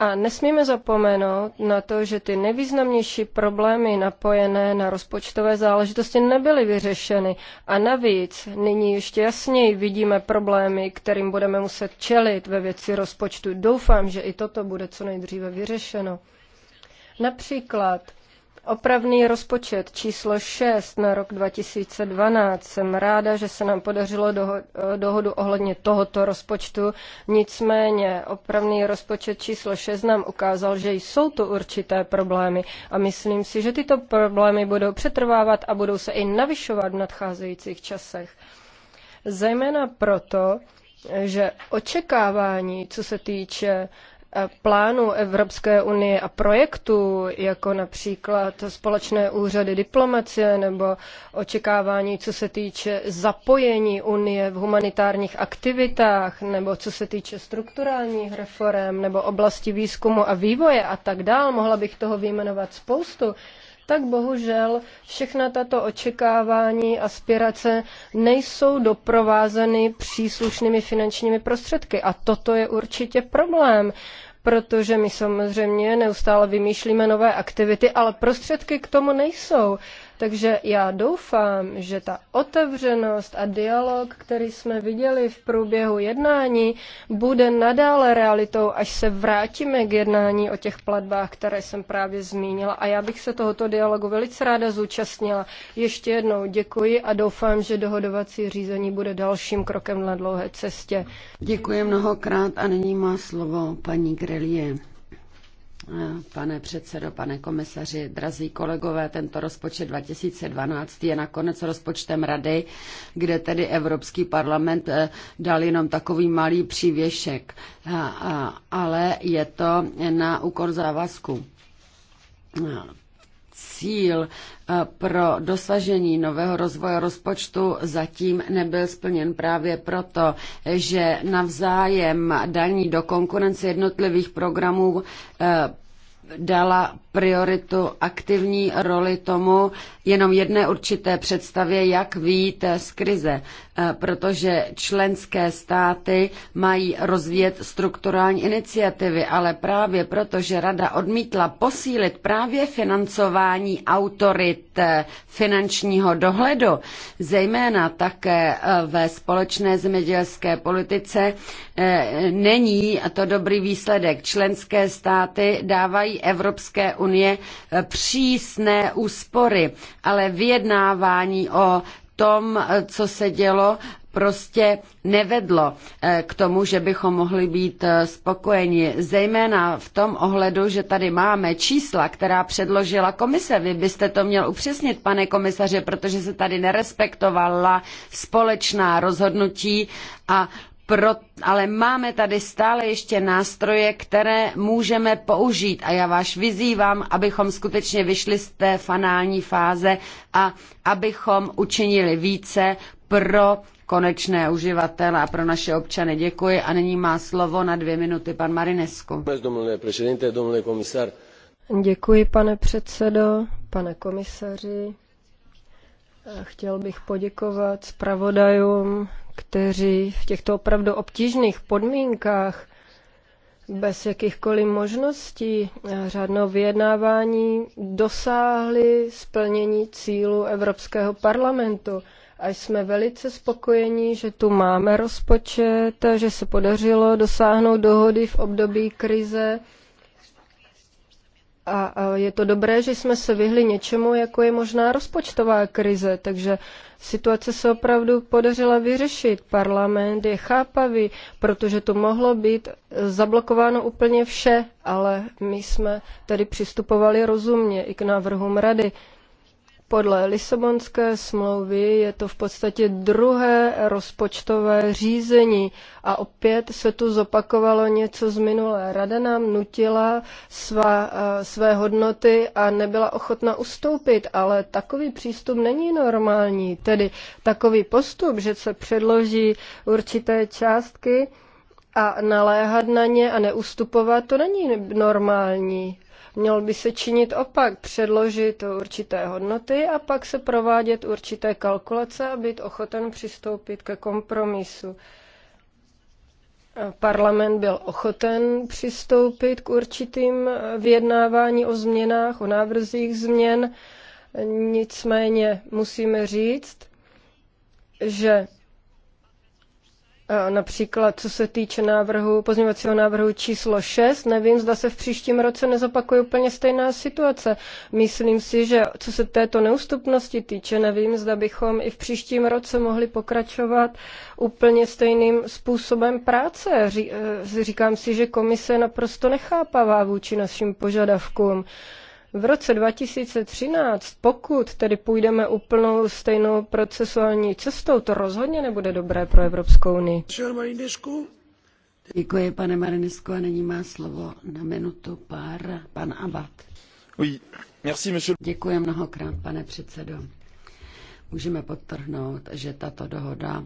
A nesmíme zapomenout na to, že ty nejvýznamnější problémy napojené na rozpočtové záležitosti nebyly vyřešeny. A navíc nyní ještě jasněji vidíme problémy, kterým budeme muset čelit ve věci rozpočtu. Doufám, že i toto bude co nejdříve vyřešeno. Například Opravný rozpočet číslo 6 na rok 2012. Jsem ráda, že se nám podařilo dohodu ohledně tohoto rozpočtu. Nicméně opravný rozpočet číslo 6 nám ukázal, že jsou tu určité problémy a myslím si, že tyto problémy budou přetrvávat a budou se i navyšovat v nadcházejících časech. Zejména proto, že očekávání, co se týče plánů Evropské unie a projektů, jako například společné úřady diplomacie nebo očekávání, co se týče zapojení unie v humanitárních aktivitách, nebo co se týče strukturálních reform, nebo oblasti výzkumu a vývoje a tak dál. Mohla bych toho vyjmenovat spoustu tak bohužel všechna tato očekávání, aspirace nejsou doprovázeny příslušnými finančními prostředky. A toto je určitě problém protože my samozřejmě neustále vymýšlíme nové aktivity, ale prostředky k tomu nejsou. Takže já doufám, že ta otevřenost a dialog, který jsme viděli v průběhu jednání, bude nadále realitou, až se vrátíme k jednání o těch platbách, které jsem právě zmínila. A já bych se tohoto dialogu velice ráda zúčastnila. Ještě jednou děkuji a doufám, že dohodovací řízení bude dalším krokem na dlouhé cestě. Děkuji mnohokrát a nyní má slovo paní Grelie. Pane předsedo, pane komisaři, drazí kolegové, tento rozpočet 2012 je nakonec rozpočtem Rady, kde tedy Evropský parlament eh, dal jenom takový malý přívěšek, ale je to na úkor závazku cíl eh, pro dosažení nového rozvoje rozpočtu zatím nebyl splněn právě proto, že navzájem daní do konkurence jednotlivých programů eh, dala prioritu aktivní roli tomu jenom jedné určité představě, jak výjít z krize, e, protože členské státy mají rozvíjet strukturální iniciativy, ale právě proto, že Rada odmítla posílit právě financování autorit e, finančního dohledu, zejména také e, ve společné zemědělské politice, není to dobrý výsledek. Členské státy dávají Evropské unie eh, přísné úspory, ale vyjednávání o tom, eh, co se dělo, prostě nevedlo eh, k tomu, že bychom mohli být spokojeni. Zejména v tom ohledu, že tady máme čísla, která předložila komise. Vy byste to měl upřesnit, pane komisaři, protože se tady nerespektovala společná rozhodnutí a pro, ale máme tady stále ještě nástroje, které můžeme použít a já vás vyzývám, abychom skutečně vyšli z té fanální fáze a abychom učinili více pro konečné uživatele a pro naše občany. Děkuji a nyní má slovo na dvě minuty pan Marinescu. Děkuji, pane předsedo, pane komisaři. Chtěl bych poděkovat zpravodajům, kteří v těchto opravdu obtížných podmínkách bez jakýchkoliv možností řádného vyjednávání dosáhli splnění cílu Evropského parlamentu. A jsme velice spokojeni, že tu máme rozpočet, že se podařilo dosáhnout dohody v období krize a je to dobré, že jsme se vyhli něčemu, jako je možná rozpočtová krize, takže situace se opravdu podařila vyřešit. Parlament je chápavý, protože to mohlo být zablokováno úplně vše, ale my jsme tady přistupovali rozumně i k návrhům rady. Podle Lisabonské smlouvy je to v podstatě druhé rozpočtové řízení a opět se tu zopakovalo něco z minulé. Rada nám nutila svá, eh, své hodnoty a nebyla ochotna ustoupit, ale takový přístup není normální. Tedy takový postup, že se předloží určité částky, a naléhat na ně a neustupovat, to není normální. Měl by se činit opak, předložit určité hodnoty a pak se provádět určité kalkulace a být ochoten přistoupit ke kompromisu. Parlament byl ochoten přistoupit k určitým vyjednávání o změnách, o návrzích změn. Nicméně musíme říct, že Eh, například co se týče návrhu, pozměňovacího návrhu číslo 6, nevím, zda se v příštím roce nezopakuje úplně stejná situace. Myslím si, že co se této neústupnosti týče, nevím, zda bychom i v příštím roce mohli pokračovat úplně stejným způsobem práce. Eh, říkám si, že komise je naprosto nechápavá vůči našim požadavkům. V roce 2013, pokud tedy půjdeme úplnou stejnou procesuální cestou, to rozhodně nebude dobré pro Evropskou unii. Děkuji, pane Marinesku, a nyní má slovo na minutu pár pan Abad. Děkuji mnohokrát, pane předsedo. Můžeme podtrhnout, že tato dohoda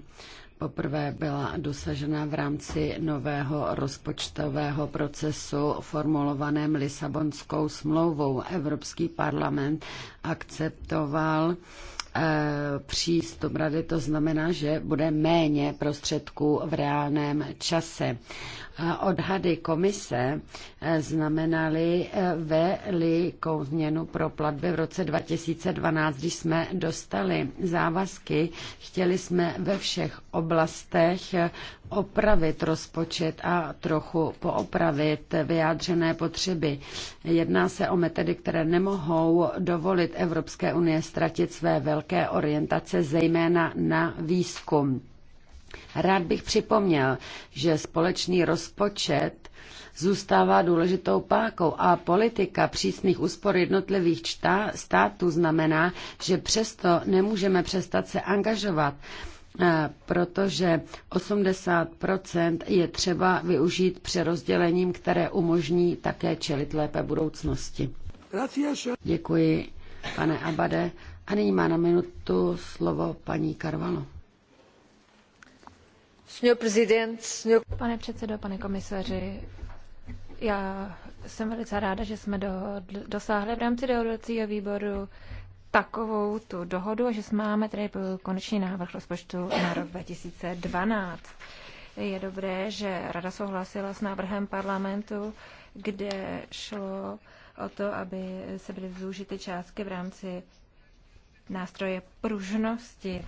poprvé byla dosažena v rámci nového rozpočtového procesu formulovaném Lisabonskou smlouvou. Evropský parlament akceptoval eh, přístup rady, to znamená, že bude méně prostředků v reálném čase. Odhady komise eh, znamenaly eh, velikou změnu pro platby v roce 2012, když jsme dostali závazky. Chtěli jsme ve všech oblastech eh, opravit rozpočet a trochu poopravit vyjádřené potřeby. Jedná se o metody, které nemohou dovolit Evropské unie ztratit své velké orientace, zejména na výzkum. Rád bych připomněl, že společný rozpočet zůstává důležitou pákou a politika přísných úspor jednotlivých čtá, států znamená, že přesto nemůžeme přestat se angažovat eh, protože 80 je třeba využít při rozdělením, které umožní také čelit lépe budoucnosti. Děkuji, pane Abade. A nyní má na minutu slovo paní Karvalo. Pane předsedo, pane komisaři, já jsem velice ráda, že jsme dosáhli v rámci dohodovacího výboru takovou dohodu a že máme tedy konečný návrh rozpočtu na rok 2012. Je dobré, že Rada souhlasila s návrhem parlamentu, kde šlo o to, aby se byly využity částky v rámci nástroje pružnosti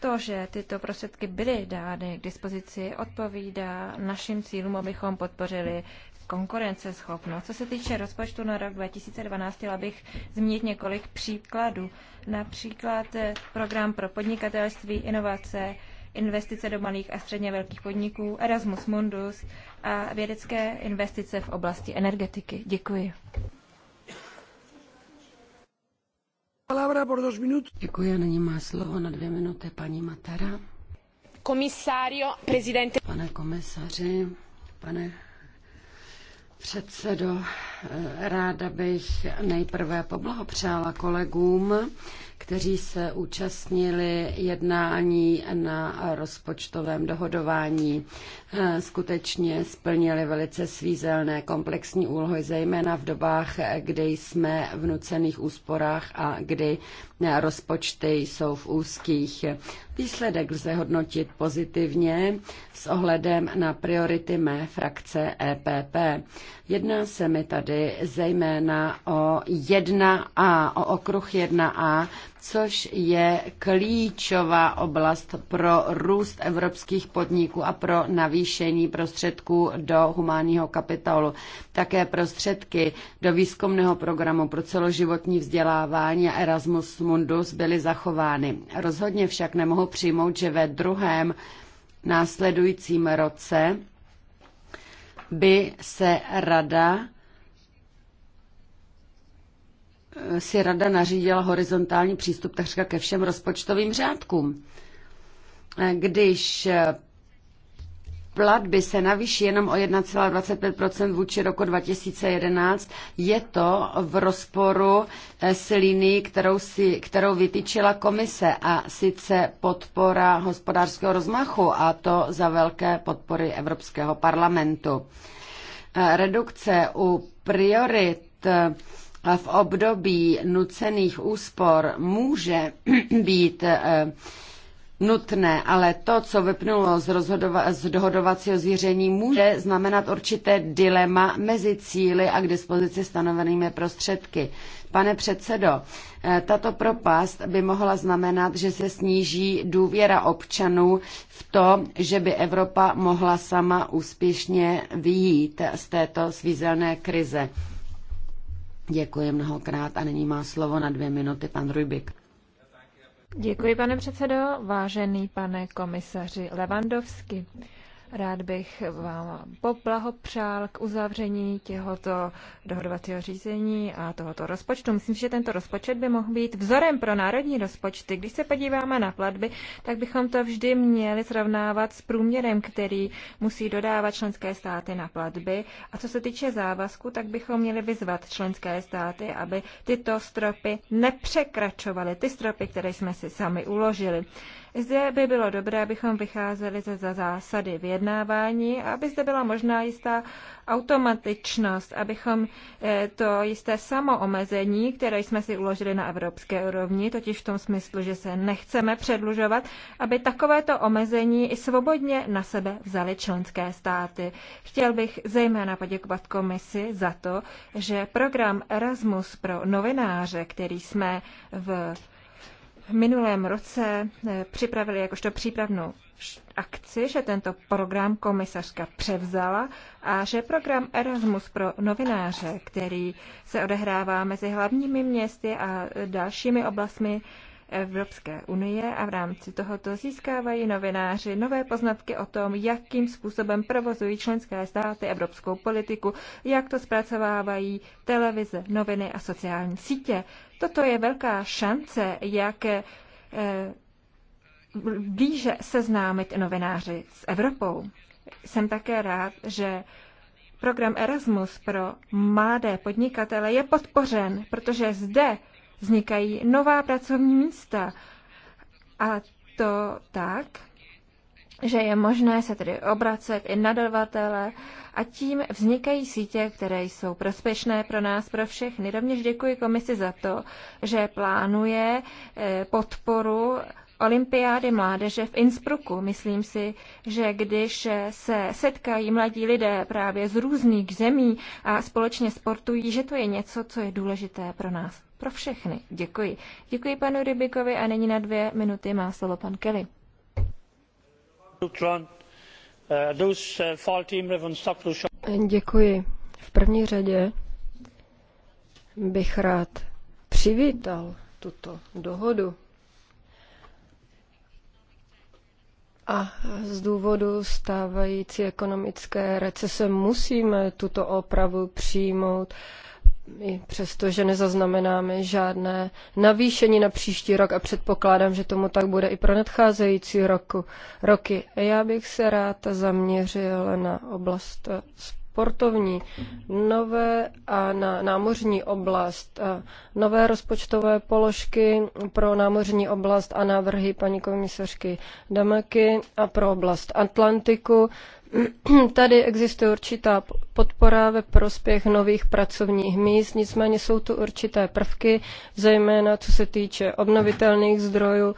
to, že tyto prostředky byly dány k dispozici, odpovídá našim cílům, abychom podpořili konkurenceschopnost. Co se týče rozpočtu na rok 2012, chtěla bych zmínit několik příkladů. Například eh, program pro podnikatelství, inovace, investice do malých a středně velkých podniků, Erasmus Mundus a vědecké investice v oblasti energetiky. Děkuji. Matera por dos minutos. Děkuji, má slovo na dvě minuty paní Matera. Komisario, prezidente. Pane komisaři, pane předsedo, Ráda bych nejprve poblahopřála kolegům, kteří se účastnili jednání na rozpočtovém dohodování. Skutečně splnili velice svízelné komplexní úlohy, zejména v dobách, kdy jsme v nucených úsporách a kdy rozpočty jsou v úzkých. Výsledek lze hodnotit pozitivně s ohledem na priority mé frakce EPP. Jedná se mi tady tedy zejména o 1A, o okruh 1A, což je klíčová oblast pro růst evropských podniků a pro navýšení prostředků do humánního kapitálu. Také prostředky do výzkumného programu pro celoživotní vzdělávání a Erasmus Mundus byly zachovány. Rozhodně však nemohu přijmout, že ve druhém následujícím roce by se rada si rada nařídila horizontální přístup takřka ke všem rozpočtovým řádkům. Když eh, platby se navýší jenom o 1,25 vůči roku 2011, je to v rozporu eh, s linií, kterou, si, kterou vytyčila komise, a sice podpora hospodářského rozmachu, a to za velké podpory Evropského parlamentu. Eh, redukce u priorit a v období nucených úspor může být eh, nutné, ale to, co vypnulo z, rozhodova- z dohodovacího zvíření, může znamenat určité dilema mezi cíly a k dispozici stanovenými prostředky. Pane předsedo, eh, tato propast by mohla znamenat, že se sníží důvěra občanů v to, že by Evropa mohla sama úspěšně vyjít z této svízelné krize. Děkuji mnohokrát a nyní má slovo na dvě minuty pan Rubik. Děkuji, pane předsedo. Vážený pane komisaři Levandovsky, Rád bych vám poblahopřál k uzavření těhoto dohodovacího řízení a tohoto rozpočtu. Myslím, že tento rozpočet by mohl být vzorem pro národní rozpočty. Když se podíváme na platby, tak bychom to vždy měli srovnávat s průměrem, který musí dodávat členské státy na platby. A co se týče závazku, tak bychom měli vyzvat členské státy, aby tyto stropy nepřekračovaly, ty stropy, které jsme si sami uložili. Zde by bylo dobré, abychom vycházeli ze zásady vyjednávání a aby zde byla možná jistá automatičnost, abychom eh, to jisté samoomezení, které jsme si uložili na evropské úrovni, totiž v tom smyslu, že se nechceme předlužovat, aby takovéto omezení i svobodně na sebe vzali členské státy. Chtěl bych zejména poděkovat komisi za to, že program Erasmus pro novináře, který jsme v minulém roce eh, připravili jakožto přípravnou akci, že tento program komisařka převzala a že program Erasmus pro novináře, který se odehrává mezi hlavními městy a dalšími oblastmi Evropské unie a v rámci tohoto získávají novináři nové poznatky o tom, jakým způsobem provozují členské státy evropskou politiku, jak to zpracovávají televize, noviny a sociální sítě. Toto je velká šance, jak blíže eh, seznámit novináři s Evropou. Jsem také rád, že program Erasmus pro mladé podnikatele je podpořen, protože zde vznikají nová pracovní místa. A to tak, že je možné se tedy obracet i na dodavatele a tím vznikají sítě, které jsou prospěšné pro nás, pro všechny. Rovněž děkuji komisi za to, že plánuje eh, podporu Olympiády mládeže v Innsbrucku. Myslím si, že když se setkají mladí lidé právě z různých zemí a společně sportují, že to je něco, co je důležité pro nás pro všechny. Děkuji. Děkuji panu Rybikovi a nyní na dvě minuty má slovo pan Kelly. Eh, eh, Děkuji. V první řadě bych rád přivítal tuto dohodu. A z důvodu stávající ekonomické recese musíme tuto opravu přijmout i přesto, že nezaznamenáme žádné navýšení na příští rok a předpokládám, že tomu tak bude i pro nadcházející roku, roky. já bych se rád zaměřil na oblast sportovní, nové a na námořní oblast, nové rozpočtové položky pro námořní oblast a návrhy paní komisařky Damaky a pro oblast Atlantiku Tady existuje určitá podpora ve prospěch nových pracovních míst, nicméně jsou tu určité prvky, zejména co se týče obnovitelných zdrojů,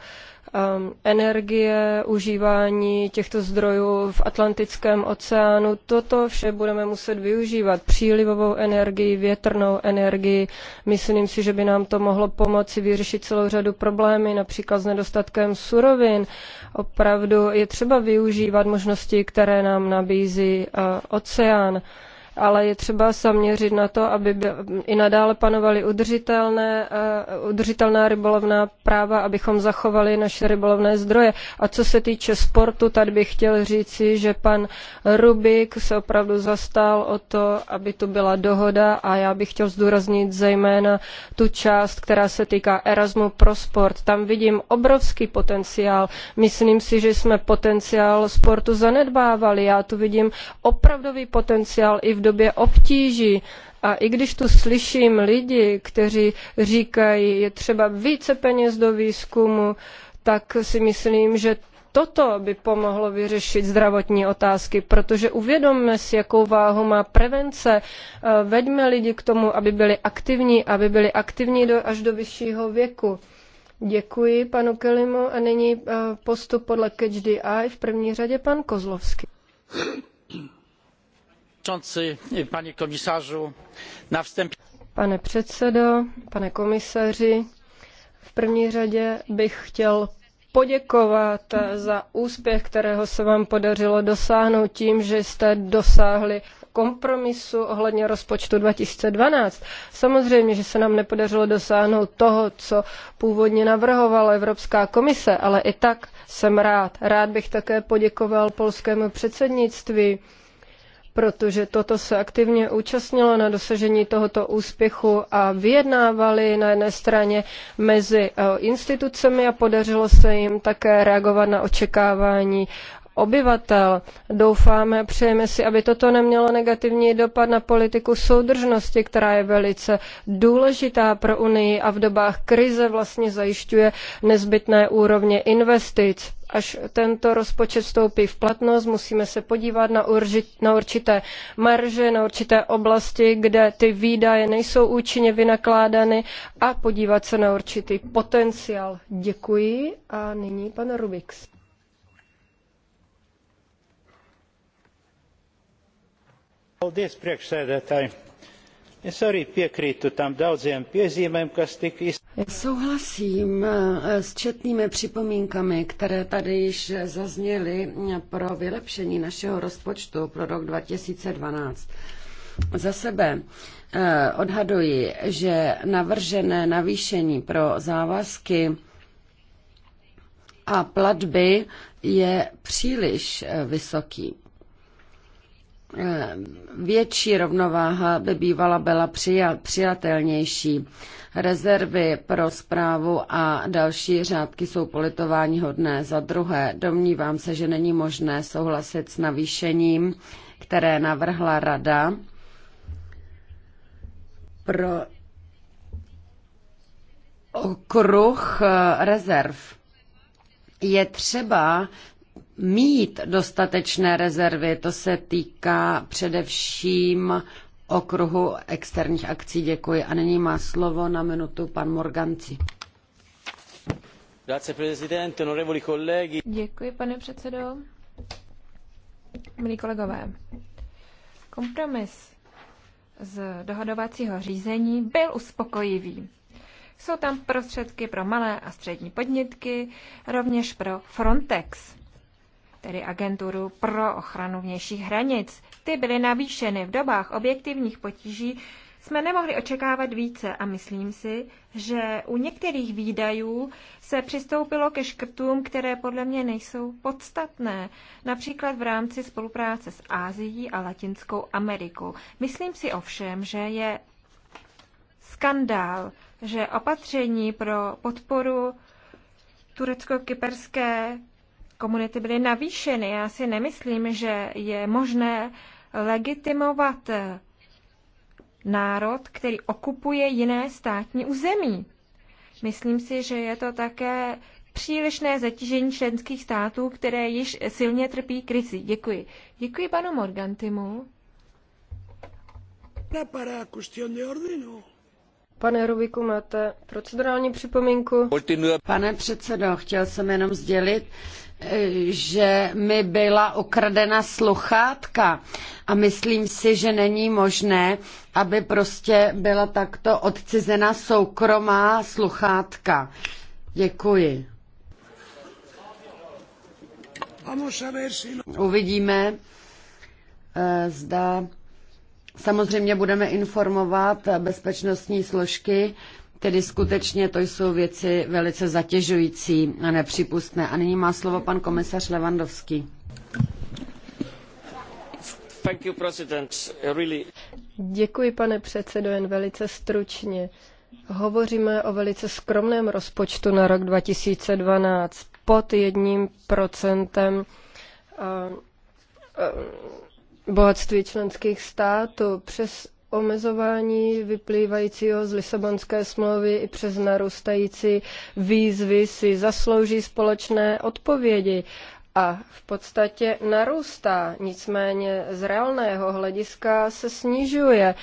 Ehm, energie, užívání těchto zdrojů v Atlantickém oceánu. Toto vše budeme muset využívat. Přílivovou energii, větrnou energii. Myslím si, že by nám to mohlo pomoci vyřešit celou řadu problémů, například s nedostatkem surovin. Opravdu je třeba využívat možnosti, které nám nabízí eh, oceán ale je třeba zaměřit na to, aby i nadále panovaly udržitelné, eh, udržitelná rybolovná práva, abychom zachovali naše rybolovné zdroje. A co se týče sportu, tady bych chtěl říci, že pan Rubik se opravdu zastal o to, aby tu byla dohoda a já bych chtěl zdůraznit zejména tu část, která se týká Erasmu pro sport. Tam vidím obrovský potenciál. Myslím si, že jsme potenciál sportu zanedbávali. Já tu vidím opravdový potenciál i v době obtíží. A i když tu slyším lidi, kteří říkají, je třeba více peněz do výzkumu, tak si myslím, že toto by pomohlo vyřešit zdravotní otázky, protože uvědomme si, jakou váhu má prevence. Eh, veďme lidi k tomu, aby byli aktivní, aby byli aktivní do, až do vyššího věku. Děkuji panu Kelimu a nyní eh, postup podle Catch the Eye v první řadě pan Kozlovský pane předsedo pane komisaři v první řadě bych chtěl poděkovat za úspěch kterého se vám podařilo dosáhnout tím že jste dosáhli kompromisu ohledně rozpočtu 2012. Samozřejmě, že se nám nepodařilo dosáhnout toho, co původně navrhovala Evropská komise, ale i tak jsem rád. Rád bych také poděkoval polskému předsednictví, protože toto se aktivně účastnilo na dosažení tohoto úspěchu a vyjednávali na jedné straně mezi eh, institucemi a podařilo se jim také reagovat na očekávání obyvatel. Doufáme, přejeme si, aby toto nemělo negativní dopad na politiku soudržnosti, která je velice důležitá pro Unii a v dobách krize vlastně zajišťuje nezbytné úrovně investic. Až tento rozpočet vstoupí v platnost, musíme se podívat na, urži, na určité marže, na určité oblasti, kde ty výdaje nejsou účinně vynakládány a podívat se na určitý potenciál. Děkuji a nyní pan Rubiks. Paldies, priekšsēdētāji! Es arī piekrītu tam daudziem piezīmēm, kas tika izteikts. Souhlasím eh, s četnými připomínkami, které tady již zazněly eh, pro vylepšení našeho rozpočtu pro rok 2012. Za sebe eh, odhaduji, že navržené navýšení pro závazky a platby je příliš vysoký. Eh, větší rovnováha by bývala byla přijatelnější. Rezervy pro zprávu a další řádky jsou politování hodné. Za druhé, domnívám se, že není možné souhlasit s navýšením, které navrhla Rada pro okruh eh, rezerv. Je třeba mít dostatečné rezervy. To se týká především okruhu externích akcí. Děkuji. A nyní má slovo na minutu pan Morganci. Děkuji, pane předsedo. Milí kolegové, kompromis z dohodovacího řízení byl uspokojivý. Jsou tam prostředky pro malé a střední podniky, rovněž pro Frontex tedy agenturu pro ochranu vnějších hranic. Ty byly navýšeny v dobách objektivních potíží, jsme nemohli očekávat více a myslím si, že u některých výdajů se přistoupilo ke škrtům, které podle mě nejsou podstatné, například v rámci spolupráce s Ázií a Latinskou Amerikou. Myslím si ovšem, že je skandál, že opatření pro podporu turecko-kyperské komunity byly navýšeny. Já si nemyslím, že je možné legitimovat národ, který okupuje jiné státní území. Myslím si, že je to také přílišné zatížení členských států, které již silně trpí krizi. Děkuji. Děkuji panu Morgantimu. Para cuestión de orden, Pane Rubiku, máte procedurální připomínku? Pane předsedo, chtěl jsem jenom sdělit, eh, že mi byla ukradena sluchátka a myslím si, že není možné, aby prostě byla takto odcizena soukromá sluchátka. Děkuji. Uvidíme, eh, zda Samozřejmě budeme informovat bezpečnostní složky, tedy skutečně to jsou věci velice zatěžující a nepřípustné. A nyní má slovo pan komisař Levandovský. You, really... Děkuji, pane předsedo, jen velice stručně. Hovoříme o velice skromném rozpočtu na rok 2012 pod jedním procentem uh, uh, bohatství členských států přes omezování vyplývajícího z Lisabonské smlouvy i přes narůstající výzvy si zaslouží společné odpovědi a v podstatě narůstá, nicméně z reálného hlediska se snižuje.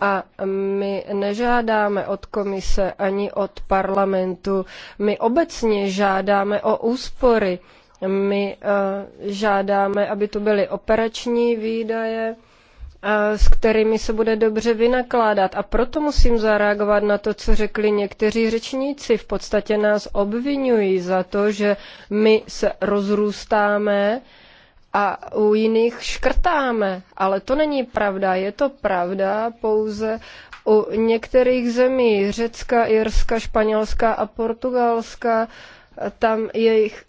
A my nežádáme od komise ani od parlamentu, my obecně žádáme o úspory. My eh, žádáme, aby to byly operační výdaje, eh, s kterými se bude dobře vynakládat. A proto musím zareagovat na to, co řekli někteří řečníci. V podstatě nás obvinují za to, že my se rozrůstáme a u jiných škrtáme. Ale to není pravda. Je to pravda pouze u některých zemí, Řecka, Irska, Španělska a Portugalska, tam jejich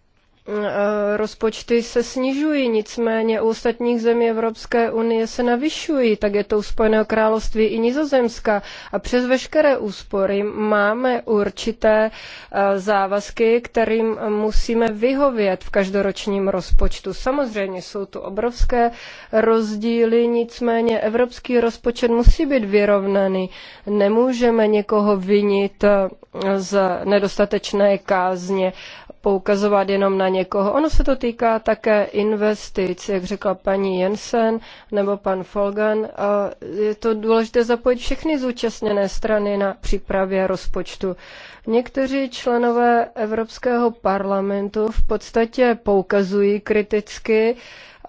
Eh, rozpočty se snižují, nicméně u ostatních zemí Evropské unie se navyšují, tak je to u Spojeného království i Nizozemska. A přes veškeré úspory máme určité eh, závazky, kterým musíme vyhovět v každoročním rozpočtu. Samozřejmě jsou tu obrovské rozdíly, nicméně evropský rozpočet musí být vyrovnaný. Nemůžeme někoho vinit eh, z nedostatečné kázně poukazovat jenom na někoho. Ono se to týká také investic, jak řekla paní Jensen nebo pan Folgan. A je to důležité zapojit všechny zúčastněné strany na přípravě rozpočtu. Někteří členové Evropského parlamentu v podstatě poukazují kriticky,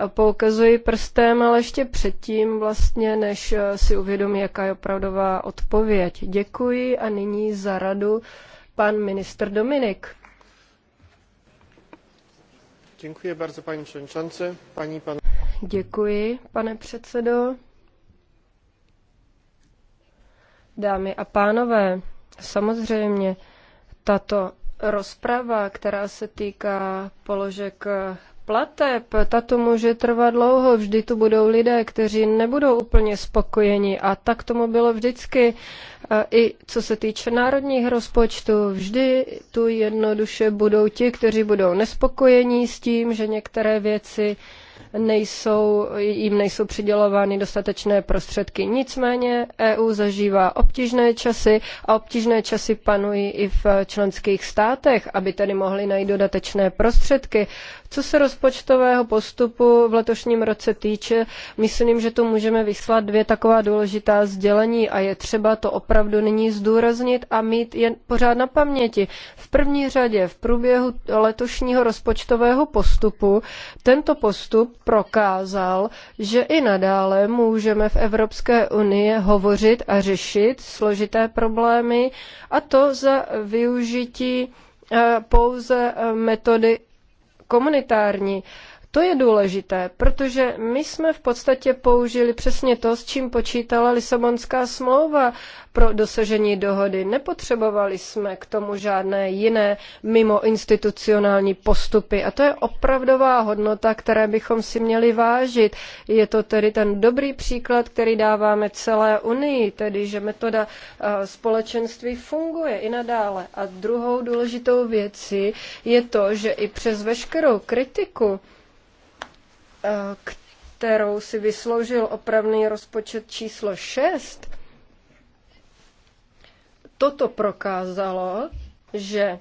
poukazují prstem, ale ještě předtím vlastně, než si uvědomí, jaká je opravdová odpověď. Děkuji a nyní za radu pan ministr Dominik. Děkuji bardzo, pan... Děkuji, pane předsedo. Dámy a pánové, samozřejmě tato rozprava, která se týká položek plateb, tato může trvat dlouho, vždy tu budou lidé, kteří nebudou úplně spokojeni a tak tomu bylo vždycky. E, I co se týče národních rozpočtů, vždy tu jednoduše budou ti, kteří budou nespokojení s tím, že některé věci nejsou, jim nejsou přidělovány dostatečné prostředky. Nicméně EU zažívá obtížné časy a obtížné časy panují i v členských státech, aby tedy mohli najít dodatečné prostředky. Co se rozpočtového postupu v letošním roce týče, myslím, že tu můžeme vyslat dvě taková důležitá sdělení a je třeba to opravdu nyní zdůraznit a mít jen pořád na paměti. V první řadě v průběhu letošního rozpočtového postupu tento postup prokázal, že i nadále můžeme v Evropské unii hovořit a řešit složité problémy a to za využití eh, pouze eh, metody komunitární to je důležité, protože my jsme v podstatě použili přesně to, s čím počítala Lisabonská smlouva pro dosažení dohody. Nepotřebovali jsme k tomu žádné jiné mimoinstitucionální postupy. A to je opravdová hodnota, které bychom si měli vážit. Je to tedy ten dobrý příklad, který dáváme celé Unii, tedy že metoda eh, společenství funguje i nadále. A druhou důležitou věcí je to, že i přes veškerou kritiku, Eh, kterou si vysloužil opravný rozpočet číslo 6, toto prokázalo, že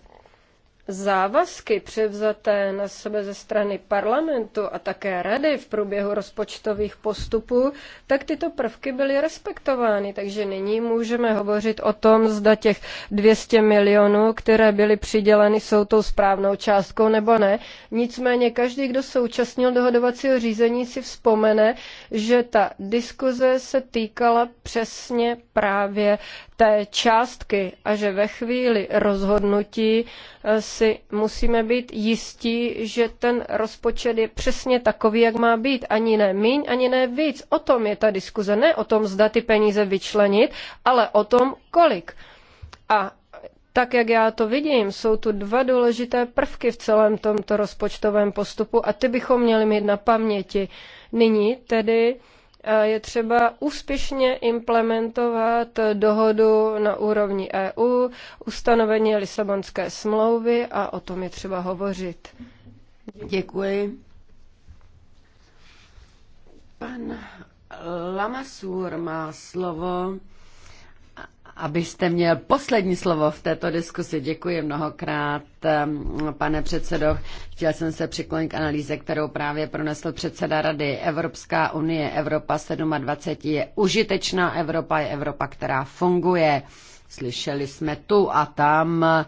závazky převzaté na sebe ze strany parlamentu a také rady v průběhu rozpočtových postupů, tak tyto prvky byly respektovány. Takže nyní můžeme hovořit o tom, zda těch 200 milionů, které byly přiděleny, jsou tou správnou částkou nebo ne. Nicméně každý, kdo se účastnil dohodovacího řízení, si vzpomene, že ta diskuze se týkala přesně právě té částky a že ve chvíli rozhodnutí eh, si musíme být jistí, že ten rozpočet je přesně takový, jak má být. Ani ne míň, ani ne víc. O tom je ta diskuze. Ne o tom, zda ty peníze vyčlenit, ale o tom, kolik. A tak, jak já to vidím, jsou tu dva důležité prvky v celém tomto rozpočtovém postupu a ty bychom měli mít na paměti. Nyní tedy je třeba úspěšně implementovat dohodu na úrovni EU, ustanovení Lisabonské smlouvy a o tom je třeba hovořit. Děkuji. Pan Lamasur má slovo abyste měl poslední slovo v této diskusi. Děkuji mnohokrát, pane předsedo. Chtěl jsem se přiklonit k analýze, kterou právě pronesl předseda Rady. Evropská unie, Evropa 27 je užitečná Evropa, je Evropa, která funguje. Slyšeli jsme tu a tam eh,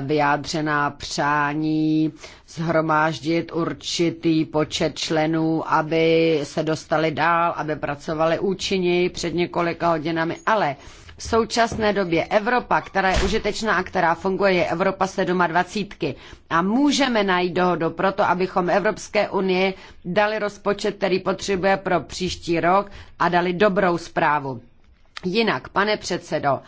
vyjádřená přání zhromáždit určitý počet členů, aby se dostali dál, aby pracovali účinněji před několika hodinami, ale v současné době Evropa, která je užitečná a která funguje, je Evropa 27. A můžeme najít dohodu pro to, abychom Evropské unii dali rozpočet, který potřebuje pro příští rok a dali dobrou zprávu. Jinak, pane předsedo,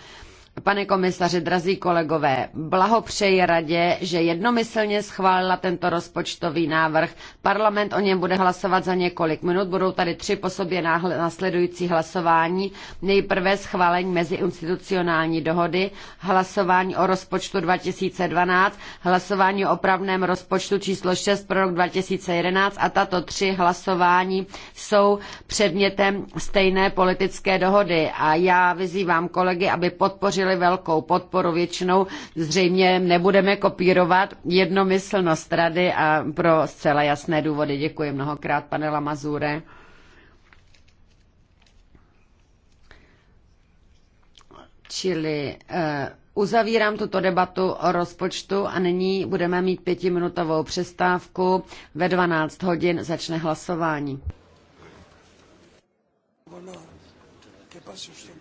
Pane komisaři, drazí kolegové, blahopřeji radě, že jednomyslně schválila tento rozpočtový návrh. Parlament o něm bude hlasovat za několik minut. Budou tady tři po sobě následující hlasování. Nejprve schválení meziinstitucionální dohody, hlasování o rozpočtu 2012, hlasování o opravném rozpočtu číslo 6 pro rok 2011 a tato tři hlasování jsou předmětem stejné politické dohody. A já vyzývám kolegy, aby podpořili vyjádřili velkou podporu většinou. Zřejmě nebudeme kopírovat jednomyslnost rady a pro zcela jasné důvody. Děkuji mnohokrát, pane Lamazure. Čili eh, uzavírám tuto debatu o rozpočtu a nyní budeme mít pětiminutovou přestávku. Ve 12 hodin začne hlasování. Bueno, ¿qué pasa usted?